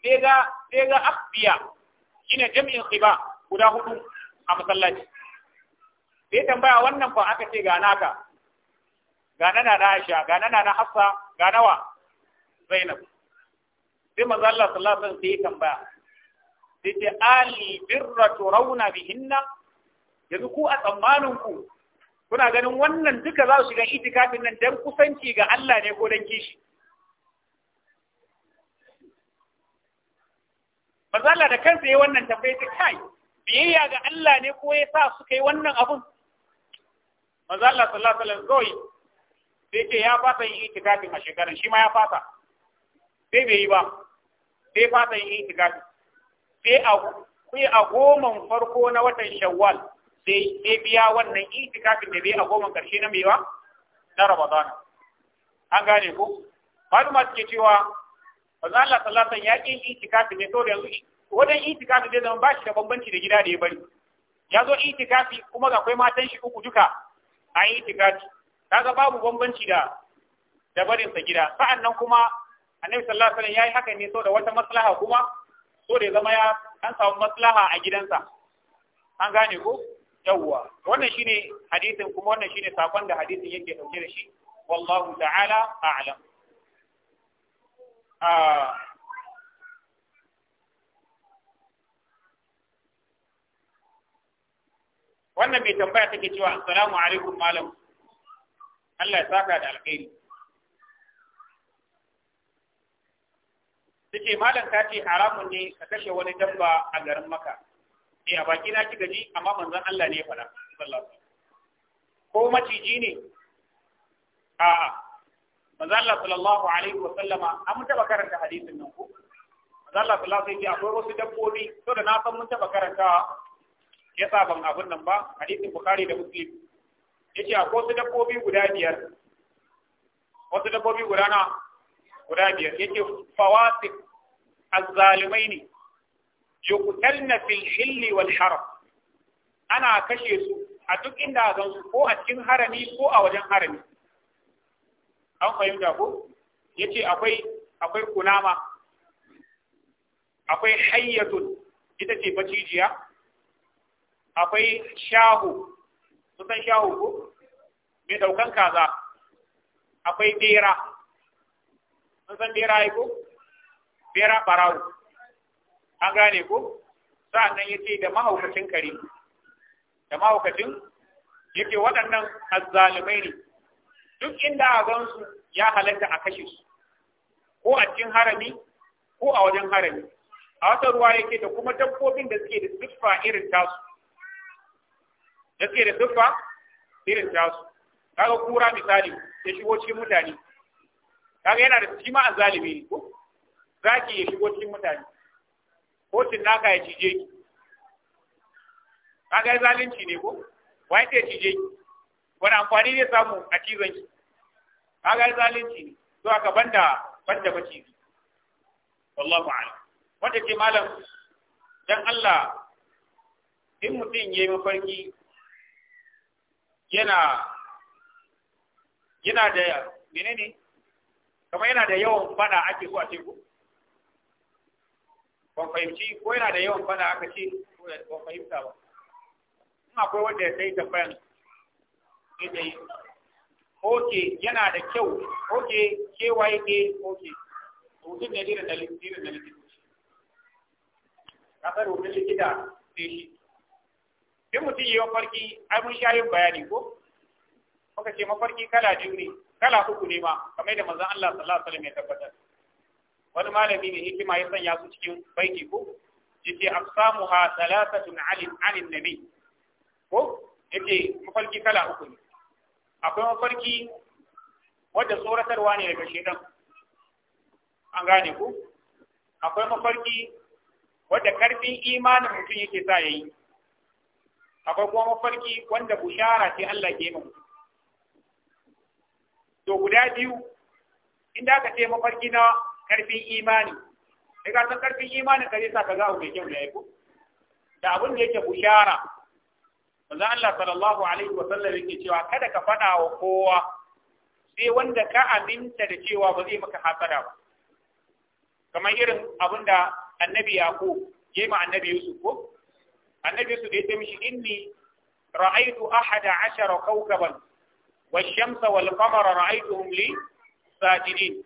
sai ga sai ga jami'in khiba guda hudu a masallaci sai tambaya wannan fa aka ce ga naka ga nana na Aisha ga nana na Hafsa ga nawa Zainab sai manzo Allah sallallahu alaihi wasallam sai tambaya sai ce ali birra turawna bihinna yanzu ku a tsammanin ku kuna ganin wannan duka za su shiga itikafin nan dan kusanci ga Allah ne ko dan kishi Mazalla da kansa yi wannan tambaye ta kai biyayya ga Allah ne ko ya sa suka yi wannan abun Mazalla sallallahu alaihi wasallam sai ce ya fasa yin itikafin a shekaran shi ma ya fasa sai bai yi ba sai fasa yin itikafin sai a sai a goman farko na watan shawwal sai biya wannan itikafin da bai a goman karshe na mewa na rabazana an gane ko maluma suke cewa manzo Allah salatan alaihi wasallam ya kin itikafin ne saboda yanzu wajen itikafi zai zama ba shi da bambanci da gida da ya bari ya zo itikafi kuma ga akwai matan shi uku duka a itikafi kaga babu bambanci da da barin sa gida sa'annan kuma annabi sallallahu alaihi wasallam yayi haka ne so da wata maslaha kuma so da zama ya an samu maslaha a gidansa an gane ko yawwa wannan shine hadisin kuma wannan shine sakon da hadisin yake dauke da shi wallahu ta'ala a'lam ah. wannan mai tambaya take cewa assalamu alaikum malam Allah ya saka da alkhairi suke malam ka ce haramun ne ka kashe wani dabba a garin maka E eh, a baki na ki gani amma manzon Allah ne ya faɗa sallallahu ko maciji ne a'a manzon Allah sallallahu alaihi wa sallama an mun taba karanta hadisin nan ko manzon Allah sallallahu alaihi akwai wasu dabbobi to da na san mun taba karanta yasa ban abun nan ba hadisin bukhari da muslim yace akwai wasu dabbobi guda biyar wasu dabbobi guda na guda biyar yace ne. azzalumaini yuqtalna fil hilli wal haram ana kashe su a duk inda a su ko a cikin harami ko a wajen harami an fahimta ko yace akwai akwai kunama akwai hayyatun ita ce bacijiya akwai shahu sun san shahu ko mai daukan kaza akwai bera sun san bera ya ko bera barau an gane ko sa'an nan ce da mahaukacin kare da mahaukacin yake waɗannan azzalumai ne duk inda a gansu ya halatta a kashe su ko a cikin harami ko a wajen harami a wata ruwa yake da kuma dabbobin da suke da siffa irin tasu da da siffa irin tasu kaga kura misali ya shigo cikin mutane kaga yana da shi a zalimi ne ko zaki ya shigo cikin mutane ko naka ya cije ki kaga ya zalunci ne ko wai ta cije ki wani amfani ne samu a cizon ki kaga ya zalunci ne to aka banda banda maciji wallahu a'lam wanda ke malam dan Allah in mutum yayi mafarki yana yana da menene kamar yana da yawan fada ake zuwa a ce ko fahimci ko yana da yawan fada aka ce ban fahimta ba in akwai wanda ya sai tambayan sai da yi oke yana da kyau oke kewaye ke oke rubutun ne irin da likitoci kasar hukun likita sai shi mu mutum yi mafarki ai mun sha yin bayani ko muka ce mafarki kala biyu ne kala uku ne ma kamar yadda manzon Allah sallallahu alaihi wasallam ya tabbatar wani malami ne hikima ya sanya su cikin baiki ko yace aqsamuha thalathatun alim anin nabi ko yace mafarki kala uku ne akwai mafarki wadda tsoratarwa ne daga shedan an gane ku akwai mafarki wadda karfin imanin mutum yake sa yayi akwai kuma mafarki wanda bushara ce Allah ke mu to guda biyu inda aka ce mafarki na karfin imani sai ka san karfin imani ka sa kaza ga abu mai kyau da yako da abin da yake bushara manzo Allah sallallahu alaihi wa sallam yake cewa kada ka fada wa kowa sai wanda ka aminta da cewa ba zai maka hasara ba kamar irin abin da annabi yaqub ya ma annabi yusuf ko annabi su da ya mishi inni ra'aytu ahada ashara kawkaban wa shamsa wal qamara ra'aytuhum li sajidin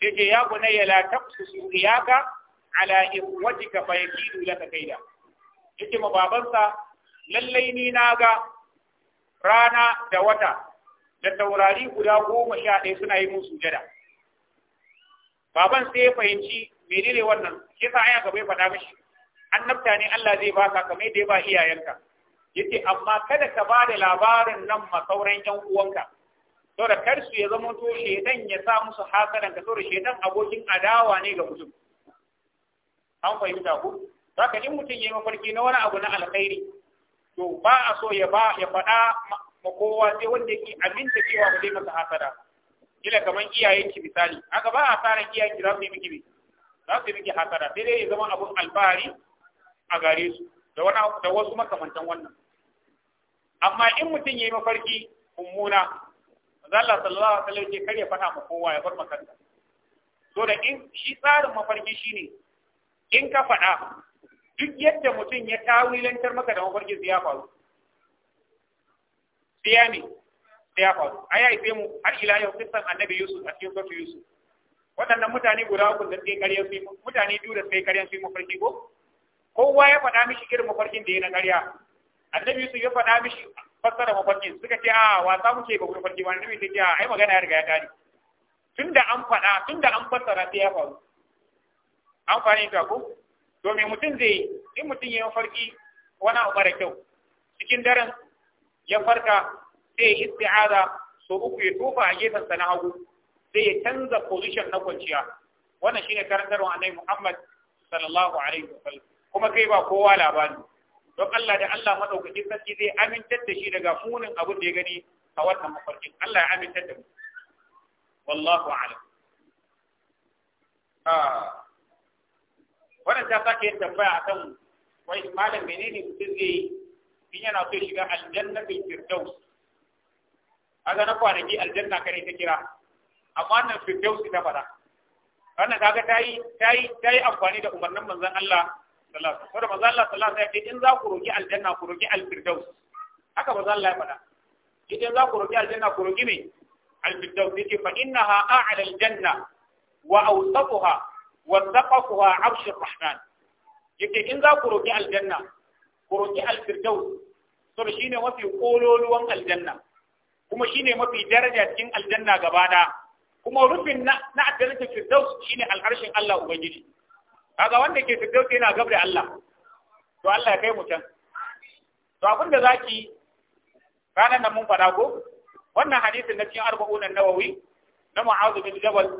yace ya bunay la taqsu iyaka ala ikhwatika fa yakidu laka kaida. yace mababansa lallai ni naga rana da wata da taurari guda goma sha ɗaya suna yi musu jada baban sai ya fahimci menene wannan kisa sa aya gaba ya faɗa mashi annabta ne Allah zai baka kamar da ya ba iyayenka yace amma kada ka ba da labarin nan ma sauran yan uwanka saboda kar su ya zama to shedan ya sa musu hakaran ka saboda shedan abokin adawa ne ga mutum an fahimta ku saka in mutum yayi mafarki na wani abu na alkhairi to ba a so ya ba ya faɗa ma kowa sai wanda yake aminta cewa ba zai masa hasada kila kamar iyayenki misali haka ba a tsara iyayenki za su yi miki za su yi miki hasara. sai dai ya zama abun alfahari a gare su da wasu makamantan wannan amma in mutum ya yi mafarki mummuna Allah sallallahu alaihi wasallam ce kare fada ma kowa ya bar makanta so da in shi tsarin mafarki shine in ka faɗa duk yadda mutum ya tawilantar maka da mafarki sai ya faru sai ya ne sai ya faru ai sai mu har ila yau kisan annabi Yusuf a cikin kotu Yusuf waɗannan mutane guda uku da sai ƙarya su mutane biyu da sai ƙarya su mafarki ko kowa ya faɗa mishi irin mafarkin da ya na ƙarya annabi su ya faɗa mishi fassara mafarkin suka ce a ah, wasa muke ba wani farki wani ta ce a ah, ai magana ya riga ya Tun da an faɗa da an fassara sai ya faru an fahimta ko to mutum zai in mutum ya mafarki wani abu mara kyau cikin daren ya farka sai ya isti'aza so uku ya tofa a gefen sa na hagu sai ya canza position na kwanciya wannan shine karantarwa annabi Muhammad sallallahu alaihi wasallam kuma kai ba kowa labari don Allah da Allah madaukakin sarki zai amintar da shi daga funin abin da ya gani a wannan mafarkin Allah ya amintar da mu wallahu a'lam ah wannan ta sake yin tambaya akan wai malam menene mutum zai yi in yana so shiga aljanna bil firdaus aga na kwanaki aljanna kare ta kira amma wannan firdaus ta fada wannan kaga tayi tayi tayi amfani da umarnin manzon Allah sallallahu alaihi wasallam manzo Allah sallallahu alaihi wasallam in za ku roki aljanna ku roki alfirdaus haka manzo Allah ya faɗa idan za ku roki aljanna ku roki me alfirdaus yake fa innaha a'la aljanna wa awsatuha wa saqafuha 'arshur rahman yake in za ku roki aljanna ku roki alfirdaus saboda shine mafi kololuwan aljanna kuma shine mafi daraja cikin aljanna gaba kuma rufin na na aljanna firdaus shine al'arshin Allah ubangiji kaga wanda ke firdausi yana gab da Allah to Allah ya kai mu can to abin da zaki ranan nan mun faɗa ko wannan hadisin na cikin arba'un nawawi na mu'azu bin jabal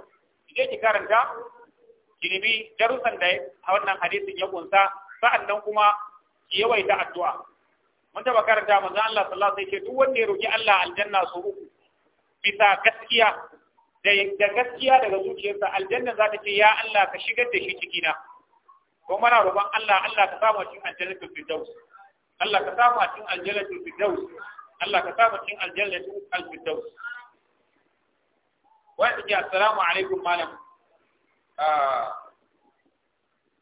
je ki karanta ki darusan darussan da a wannan hadisin ya kunsa sa'annan kuma ki yawaita addu'a mun taba karanta manzo Allah sallallahu alaihi wasallam duk wanda ya roki Allah aljanna su uku bisa gaskiya da gaskiya daga zuciyarsa aljanna za ta ce ya Allah ka shigar da shi cikina ko mana roban Allah Allah ka samu cikin fi firdaus Allah ka samu cikin fi firdaus Allah ka samu cikin fi firdaus wa yake assalamu alaikum malam ah,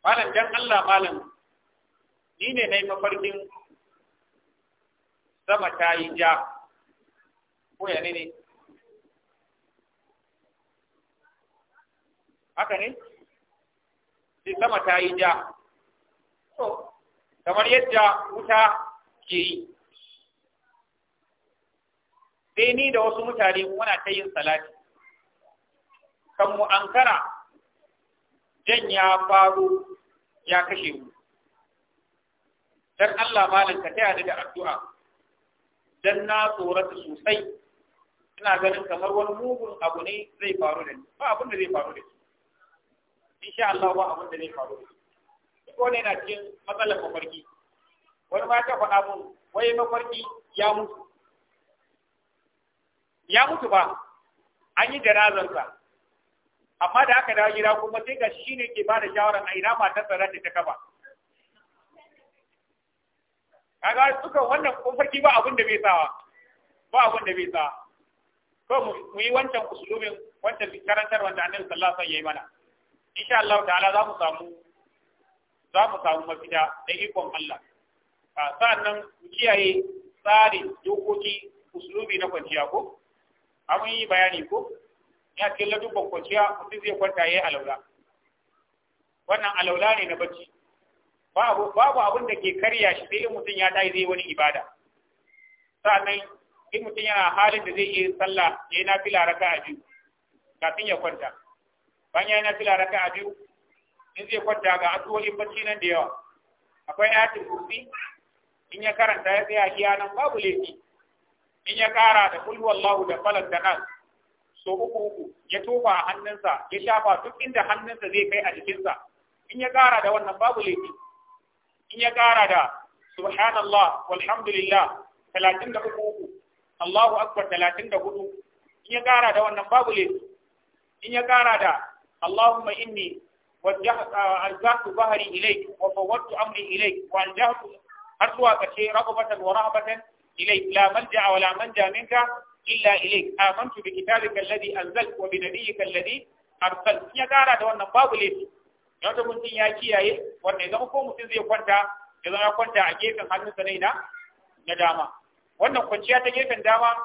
malam dan Allah malam ni ne nayi mafarkin sama ta yi ja ko ya ne ne haka ne sai sama ta yi ja kamar yadda wuta ke yi sai ni da wasu mutane muna ta yin salati kan mu kara jan ya faru ya kashe mu Don Allah malinka ta taya da addu'a Don na tsorata sosai ina ganin kamar wani mugun abu ne zai faru da ni ba abin da zai faru da ni insha Allah ba abin da zai faru duk wani yana cikin matsalar mafarki wani ma ta faɗa mun wai mafarki ya mutu ya mutu ba an yi janazarsa amma da aka dawo gida kuma sai ga shi ne ke ba da shawarar a ina matar tsara da ta kafa? kaga suka wannan mafarki ba abin da bai sawa ba abin da bai sawa ko mu yi wancan usulumin wancan karantar wanda annabi sallallahu alaihi wasallam ya yi mana insha Allah ta'ala za mu samu za mu samu mafita da ikon Allah sa'annan mu kiyaye tsarin dokoki uslubi na kwanciya ko an yi bayani ko ya ladu ladubban kwanciya mutum zai kwanta ya yi alaula wannan alaula ne na bacci babu abin da ke karya shi sai in mutum ya tayi zai wani ibada sa'annan in mutum yana halin da zai iya sallah ya yi nafila raka'a biyu kafin ya kwanta ban na fila raka a biyu in zai kwanta ga asuwoyin bacci nan da yawa akwai ayatul kursi in ya karanta ya tsaya iya nan babu laifi in ya kara da kul wallahu da falak da nas so uku uku ya tofa a hannunsa ya shafa duk inda hannunsa zai kai a jikinsa in ya kara da wannan babu laifi in ya kara da subhanallah walhamdulillah talatin da uku uku Allahu akbar talatin da hudu in ya kara da wannan babu laifi in ya kara da اللهم إني وجهت ألجأت ظهري إليك وفوضت أمري إليك وألجأت أرجوك شيء رغبة ورهبة إليك لا ملجأ ولا منجا منك إلا إليك آمنت بكتابك الذي أنزلت وبنبيك الذي أرسلت يا دارا دون باب ليس yanzu mutum ya kiyaye wanda ya zama ko mutum zai kwanta ya zama kwanta a gefen hannunsa na dama wannan kwanciya ta gefen dama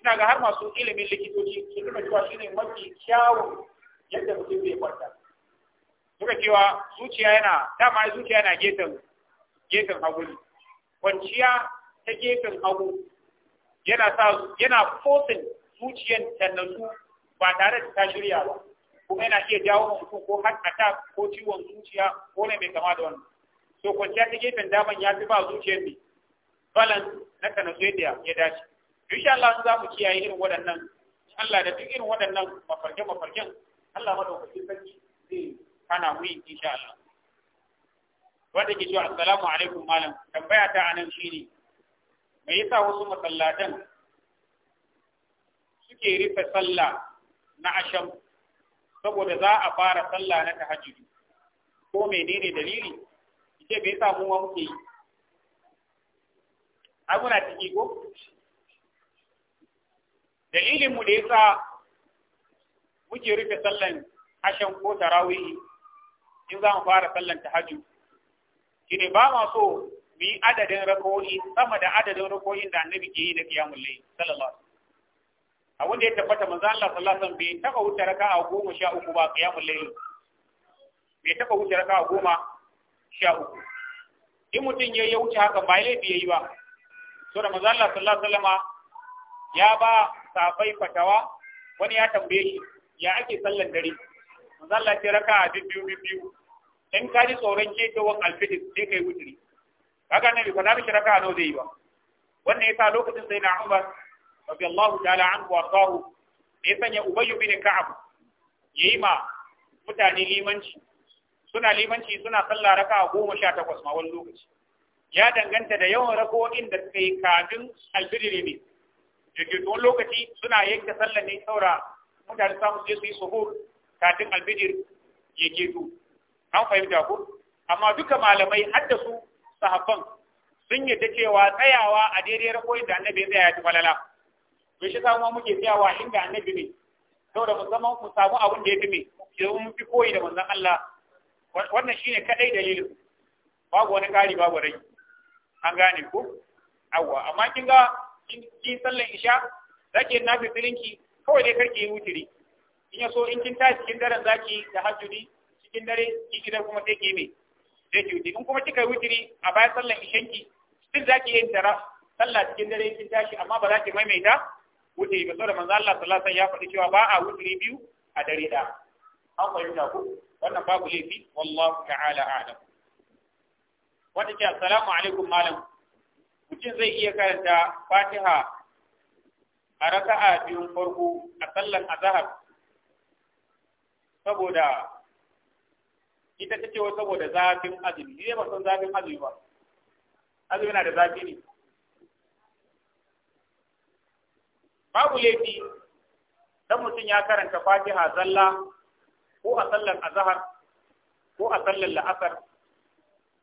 ina ga har masu ilimin likitoci sun nuna cewa shine mafi kyawun yadda mutum zai kwanta suka cewa zuciya yana dama zuciya yana gefen gefen hagu kwanciya ta gefen hagu yana sa yana fosin zuciyan tannatu ba tare da ta shirya ba kuma yana iya jawo mutum ko har attack ko ciwon zuciya ko ne mai kama da wannan to kwanciya ta gefen daman ya fi ba zuciyar ne balan na tannatu yadda ya dace insha Allah za mu kiyaye irin waɗannan Allah da duk irin waɗannan mafarke mafarken Allah madaukakin sarki zai hana mu yi insha Allah wanda ke cewa assalamu alaikum malam tambaya ta anan shine me yasa wasu masallatan suke rufe sallah na asham saboda za a fara sallah na tahajjudi ko menene dalili ce me yasa mu muke yi ai ciki ko Dalilinmu da da yasa muke rufe sallan ashan ko tarawihi in za mu fara sallan tahajjud shine ba ma so mu yi adadin rako'i sama da adadin rako'in da annabi ke yi na qiyamul layl sallallahu alaihi a wanda ya tabbata manzo Allah sallallahu alaihi wasallam bai taba wuce raka'a goma sha uku ba qiyamul layl bai taba wuce raka'a goma sha uku in mutum ya wuce haka ba laifi yi ba so da manzo Allah sallallahu alaihi wasallama ya ba safai fatawa wani ya tambaye shi ya ake sallan dare manzo Allah ce raka biyu biyu in ka ji tsoron ketowar alfidis sai kai wuturi haka ne ba na mishi raka nawa zai yi ba wannan yasa lokacin sai na Umar radiyallahu ta'ala anhu wa sahu ne sanya Ubayy bin Ka'ab yayi ma mutane limanci suna limanci suna sallah raka goma sha takwas ma wani lokaci ya danganta da yawan rako'in da suka yi kafin alfijiri ne da ke lokaci suna yanke sallah ne saura mutane samu su yi suhur kafin albidir ya geto an fahimta ku. amma duka malamai hadda su sahabban sun yadda cewa tsayawa a daidai rakoyin da annabi ya tsaya ya falala bai shi samu muke tsayawa inda annabi ne saboda mu zama mu samu abin da ya fi me yanzu mun fi koyi da manzon Allah wannan shine kadai dalilin babu wani kari babu rai an gane ku. awwa amma kin ga kin sallan isha zake na filinki kawai dai karki yi in ya so in kin tashi cikin daren zaki da hajjudi cikin dare ki gidan kuma sai ki me sai ki wuturi in kuma kika yi a bayan sallan ishanki duk zaki yin tara sallah cikin dare kin tashi amma ba za ki maimaita wutiri ba saboda manzo Allah sallallahu alaihi wasallam ya faɗi cewa ba a wuturi biyu a dare da an fahimta ku wannan babu laifi wallahu ta'ala a'lam wanda ce assalamu alaikum malam mutum zai iya karanta fatiha a a biyun farko a sallan azhar saboda ita ta cewa saboda zafin azumi ne ba san zafin azumi ba azumi na da zafi ne babu laifi dan mutum ya karanta fatiha zalla ko a sallan azhar ko a sallan la'asar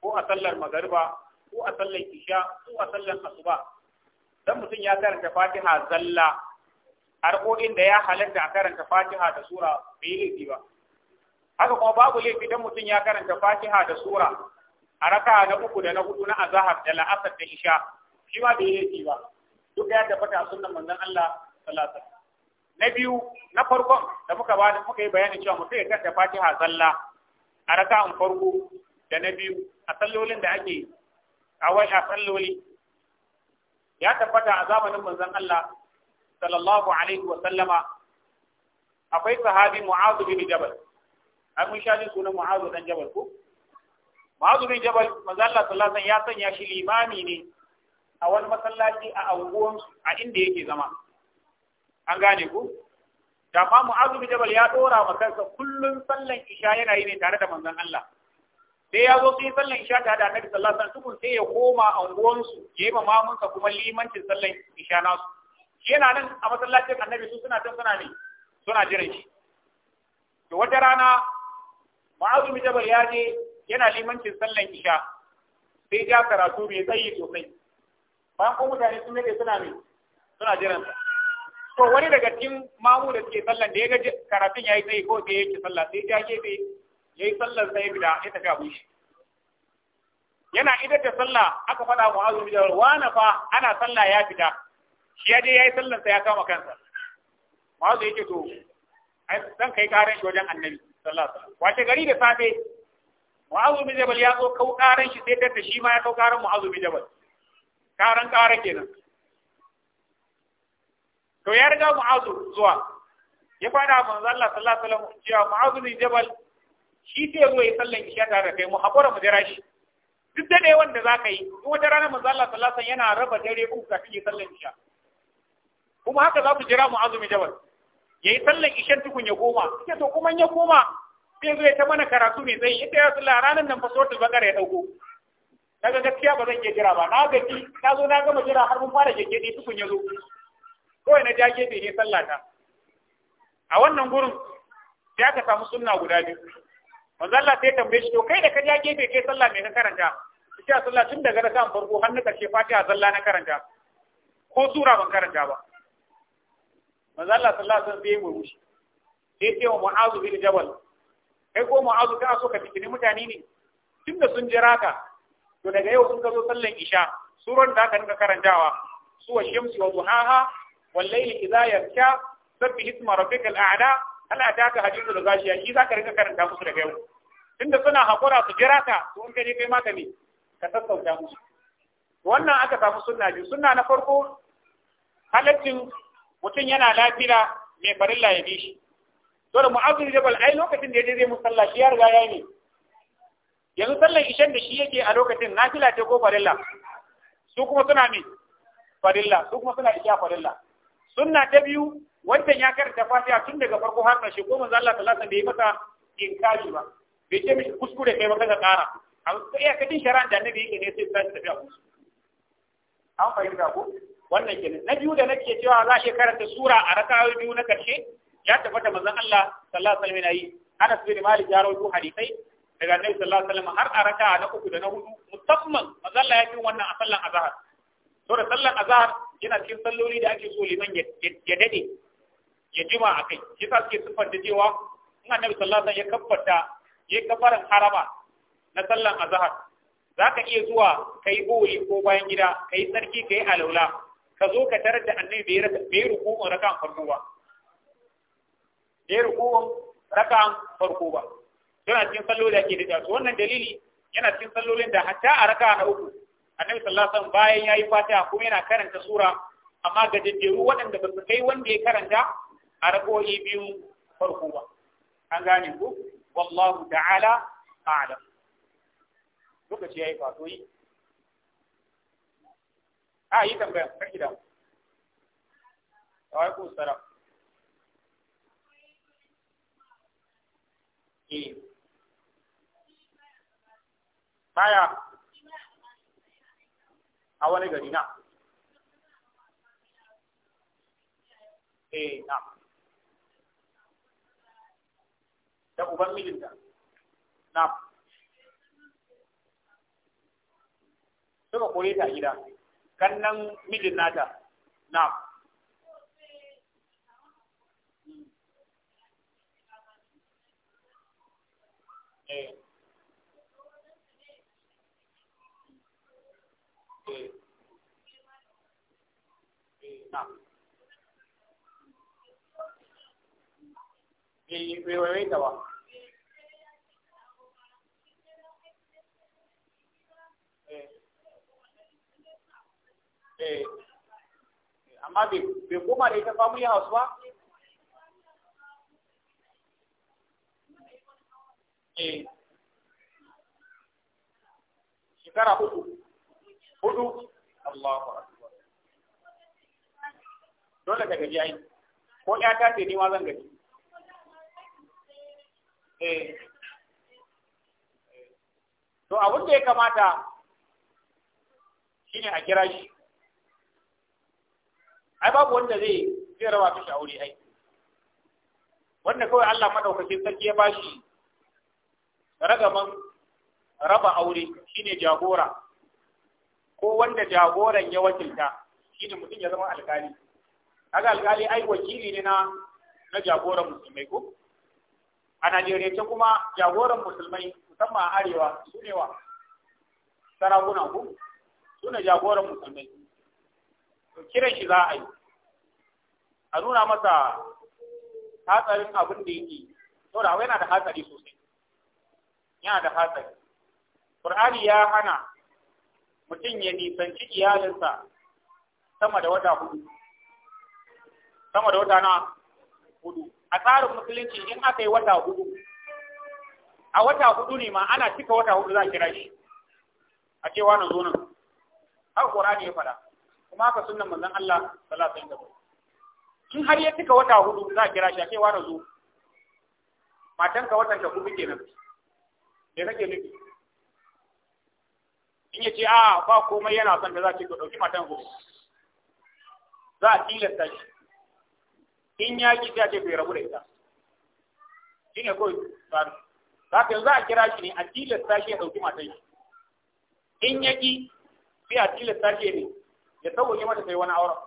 ko a sallar magariba ko a sallan isha ko a sallan asuba dan mutum ya karanta Fatiha zalla harkokin da ya halatta a karanta Fatiha da sura bai laifi ba haka kuma babu laifi dan mutum ya karanta Fatiha da sura a raka na uku da na hudu na azahar da la'asar da isha shi ma bai laifi ba duk ya tabbata a sunnan manzon Allah sallallahu alaihi na biyu na farkon da muka ba muka yi bayanin cewa mutum ya karanta Fatiha zalla a raka'an farko da na biyu a sallolin da ake a wai a salloli ya tabbata a zamanin manzon Allah sallallahu alaihi wa sallama akwai sahabi Mu'adh bin Jabal an mun shaji sunan Mu'adh dan Jabal ko Mu'adh bin Jabal manzon Allah sallallahu alaihi ya sanya shi limami ne a wani masallaci a anguwan a inda yake zama an gane ku da ma Mu'adh bin Jabal ya dora ma kansa kullun sallan isha yana yi ne tare da manzon Allah sai ya zo sai sallan isha ta da annabi sallallahu alaihi wasallam tukun sai ya koma anguwansu ya yi mamansa kuma limancin sallan isha nasu yana nan a masallacin annabi su suna can suna ne suna jiran shi to wata rana ma'azu bin jabal ya je yana limancin sallan isha sai ya karatu mai tsayi sosai bayan ko mutane sun rage suna ne suna jiran sa to wani daga cikin mamu da suke sallan da ya ga karatun yayi tsayi ko sai yake sallah sai ke sai ya yi sallar sai bida ya tafi abin shi yana idar da sallah aka faɗa mu'azu bin jabal na fa ana sallah ya fita shi ya je ya yi sallar sai ya kama kansa mu'azu yake to ai zan kai karan shi wajen annabi sallallahu alaihi wasallam gari da safe mu'azu bin jabal ya zo kau karan shi sai dadda shi ma ya kau karan mu'azu bin jabal karan kare kenan to ya riga mu'azu zuwa ya faɗa manzo Allah sallallahu alaihi wasallam cewa mu'azu bin jabal shi sai zo ya sallan isha tare da kai mu haƙura mu jira shi duk da ne wanda za ka yi in wata rana manzo Allah sallallahu alaihi yana raba dare uku kafin ya sallan isha kuma haka za ku jira mu azumi jabal yayi sallan isha tukun ya goma kike to kuma ya goma sai zo ya ta mana karatu mai zai yadda ya sallah ranan nan fa suratul baqara ya dauko daga gaskiya ba zan iya jira ba na gaji na zo na gama jira har mun fara gege tukun ya zo kawai na ja gefe ne sallata a wannan gurin ya ka samu sunna guda biyu manzo Allah sai tambaye shi to kai da kaje gefe kai sallah mai na karanta shi sallah tun daga rakan farko har na karshe fatiha sallah na karanta ko sura ban karanta ba manzo Allah sallallahu alaihi wasallam sai ya murmushi sai ya wa mu'azu bin jabal kai ko mu'azu ka so ka tikini mutane ne tun da sun jira ka to daga yau sun ka zo sallan isha suran da aka rinka karantawa suwa shamsi wa duhaha wal layli idha yakka sabbih isma rabbikal a'la ka taka da gashiya shi zaka rinka karanta musu da yau tunda suna hakura su jira ka to wanda ne kai ma ka ne ka sassauta musu wannan aka samu sunna biyu sunna na farko halaccin mutum yana lafiya mai farilla ya bi shi dole mu'azzir jabal ai lokacin da yaje zai musalla shi ya riga yayi ne yanzu sallar ishan da shi yake a lokacin nafila ce ko farilla su kuma suna ne farilla su kuma suna isha farilla sunna ta biyu wannan ya karanta fatiha tun daga farko har ƙarshe ko manzo Allah sallallahu alaihi wasallam bai masa inkari ba bai ce mishi kuskure kai ba kaga ƙara amma sai ya kadin shari'an da annabi yake ne sai sai tafiya ku an fahimta ko wannan kenan na biyu da nake cewa za a karanta sura a raka'a biyu na ƙarshe ya tabbata manzo Allah sallallahu alaihi wasallam yi Anas bin Malik ya rawaito hadisai daga Annabi sallallahu alaihi wasallam har a raka'a na uku da na hudu musamman manzo Allah ya yi wannan a sallan azhar to da sallan azhar yana cikin salloli da ake so liman ya dade ya jima a kai shi sa suke siffar da cewa in annabi sallallahu alaihi ya kabbata ya kafaran harama na sallan azhar zaka iya zuwa kai boye ko bayan gida kai sarki kai alaula ka zo ka tarar da annabi bai bai rukun raka farko ba bai farko ba suna cikin salloli da ke da su wannan dalili yana cikin sallolin da hatta a raka na uku annabi sallallahu alaihi bayan yayi fata kuma yana karanta sura amma ga jajjeru waɗanda ba su kai wanda ya karanta a biyu farko ba an gane ku wallahu ta'ala a'lam lokaci yayi fato yi a yi tambaya kan da wai ku salam eh baya a wani gari na eh na da uban mijinta na suka kore ta gida kannan mijin nata na eh eh eh na Eh. Eh. Eh. amma bai da ita ba shekara hudu hudu Allahu akbar dole ka gaji ai ko ya ta ce ni ma zan gaji Eh. to abin da ya kamata shi ne a kira shi ai babu wanda zai zai raba mishi aure ai wanda kawai Allah madaukakin sarki ya bashi ragaman raba aure shine jagora ko wanda jagoran ya wakilta shine mutum ya zama alkali kaga alkali ai wakili ne na na jagoran musulmai ko a ce kuma jagoran musulmai musamman a arewa su ne wa sarakuna ku su ne jagoran musulmai To kiran shi za a yi a nuna masa hatsarin abin da yake to da yana da hatsari sosai yana da hatsari Qur'ani ya hana mutum ya nisanci iyalinsa sama da wata hudu sama da wata na hudu a tsarin musulunci in aka yi wata hudu a wata hudu ne ma ana cika wata hudu za a kira shi a cewa na zo nan har ne ya fada kuma haka sunnan manzon Allah sallallahu alaihi wasallam in har ya cika wata hudu za a kira shi a cewa na zo matan ka watan ka kuma kenan me kake nufi in ya ce a ba komai yana son da za ki ka dauki matan gobe za a tilasta shi in ya ki ta ce bai rabu da ita shi ne kawai tsari za ka za a kira shi ne a tilasta shi ya ɗauki matan shi in ya ki sai a tilasta shi ne ya sauwaje mata sai wani auren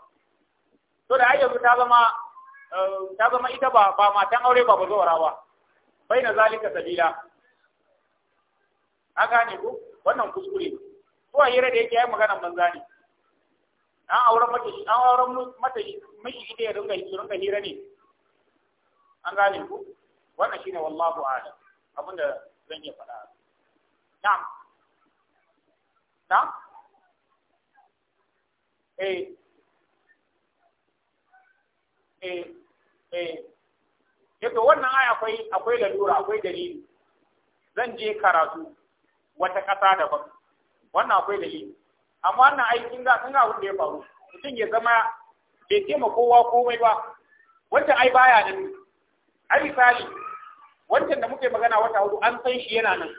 to da yanzu ta zama eh, ta zama ita ba ba matan aure ba ba zawara ba bai na zalika sabila a gane ko wannan kuskure ko a hira ke yake yi maganar banza ne an auren mata an auren mata mashi ita ya rinka su rinka hira ne an gane ku wannan shine wallahu a'lam da zan iya faɗa na'am na'am eh eh eh yato wannan aya akwai akwai lalura akwai dalili zan je karatu wata ƙasa daban wannan akwai dalili amma wannan aikin za kan ga abin da ya faru mutum ya zama bai ma kowa komai ba wancan ai baya nan ai misali wancan da muke magana wata hudu an san shi yana nan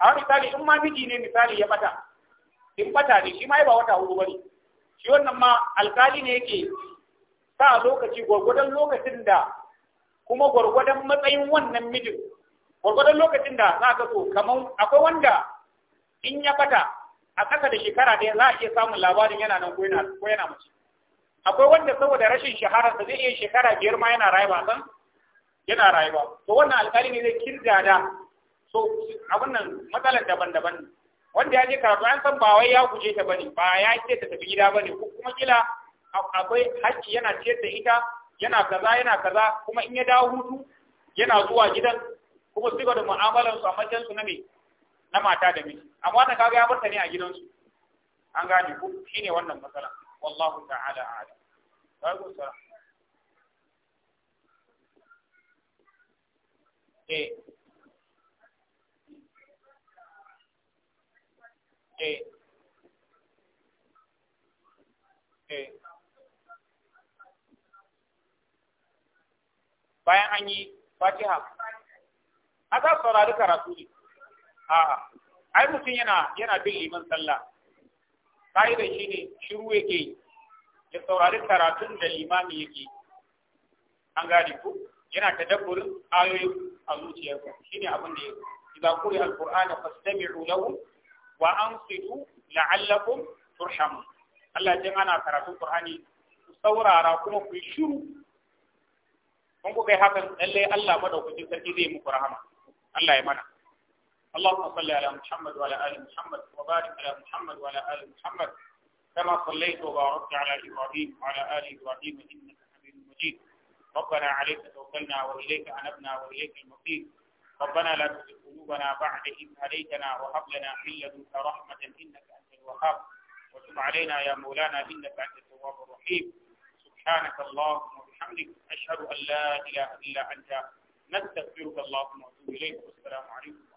a wani misali in ma miji ne misali ya bata in bata ne shi ma ba wata hudu bane shi wannan ma alkali ne yake sa lokaci gwargwadon lokacin da kuma gwargwadon matsayin wannan mijin gwargwadon lokacin da za ka so kamar akwai wanda in ya bata a ƙasa da shekara ɗaya za a iya samun labarin yana nan ko yana mace akwai wanda saboda rashin shahara da zai iya shekara biyar ma yana rayuwa san yana rayuwa to wannan alƙali ne zai kirda da so abin nan matsalar daban-daban ne wanda ya je karatu an san ba wai ya guje ta bane ba ya ce ta tafi gida bane ko kuma kila akwai hakki yana ciyar da ita yana kaza yana kaza kuma in ya dawo hutu yana zuwa gidan kuma su da mu'amalar su a matsayin na me na mata da miji amma wannan kaga ya barta ne a gidansu an gane ku shine wannan matsala wallahu ta'ala a'lam eh eh eh bayan an yi fatiha a za saurari karatu ne a'a ai mutum yana bin liman sallah ka'idar shi ne shiru yake ya saurari karatun da limami yake an gane ku yana tadabburin ayoyin a zuciyarsa shine abin da yake idza quri alqur'ana fastami'u lahu wa ansitu la'allakum turhamun Allah jin ana karatun qur'ani ku saurara kuma ku shiru kun ku kai hakan lalle Allah madaukakin sarki zai muku rahama Allah ya mana اللهم صل على محمد وعلى آل محمد وبارك على محمد وعلى آل محمد كما صليت وباركت على إبراهيم وعلى آل إبراهيم إنك حميد مجيد ربنا عليك توكلنا وإليك أنبنا وإليك المصير ربنا لا تزغ قلوبنا بعد إذ هديتنا وهب لنا من لدنك رحمة إنك أنت الوهاب وتب علينا يا مولانا إنك أنت التواب الرحيم سبحانك اللهم وبحمدك أشهد أن لا إله إلا أنت نستغفرك اللهم وأتوب إليك والسلام عليكم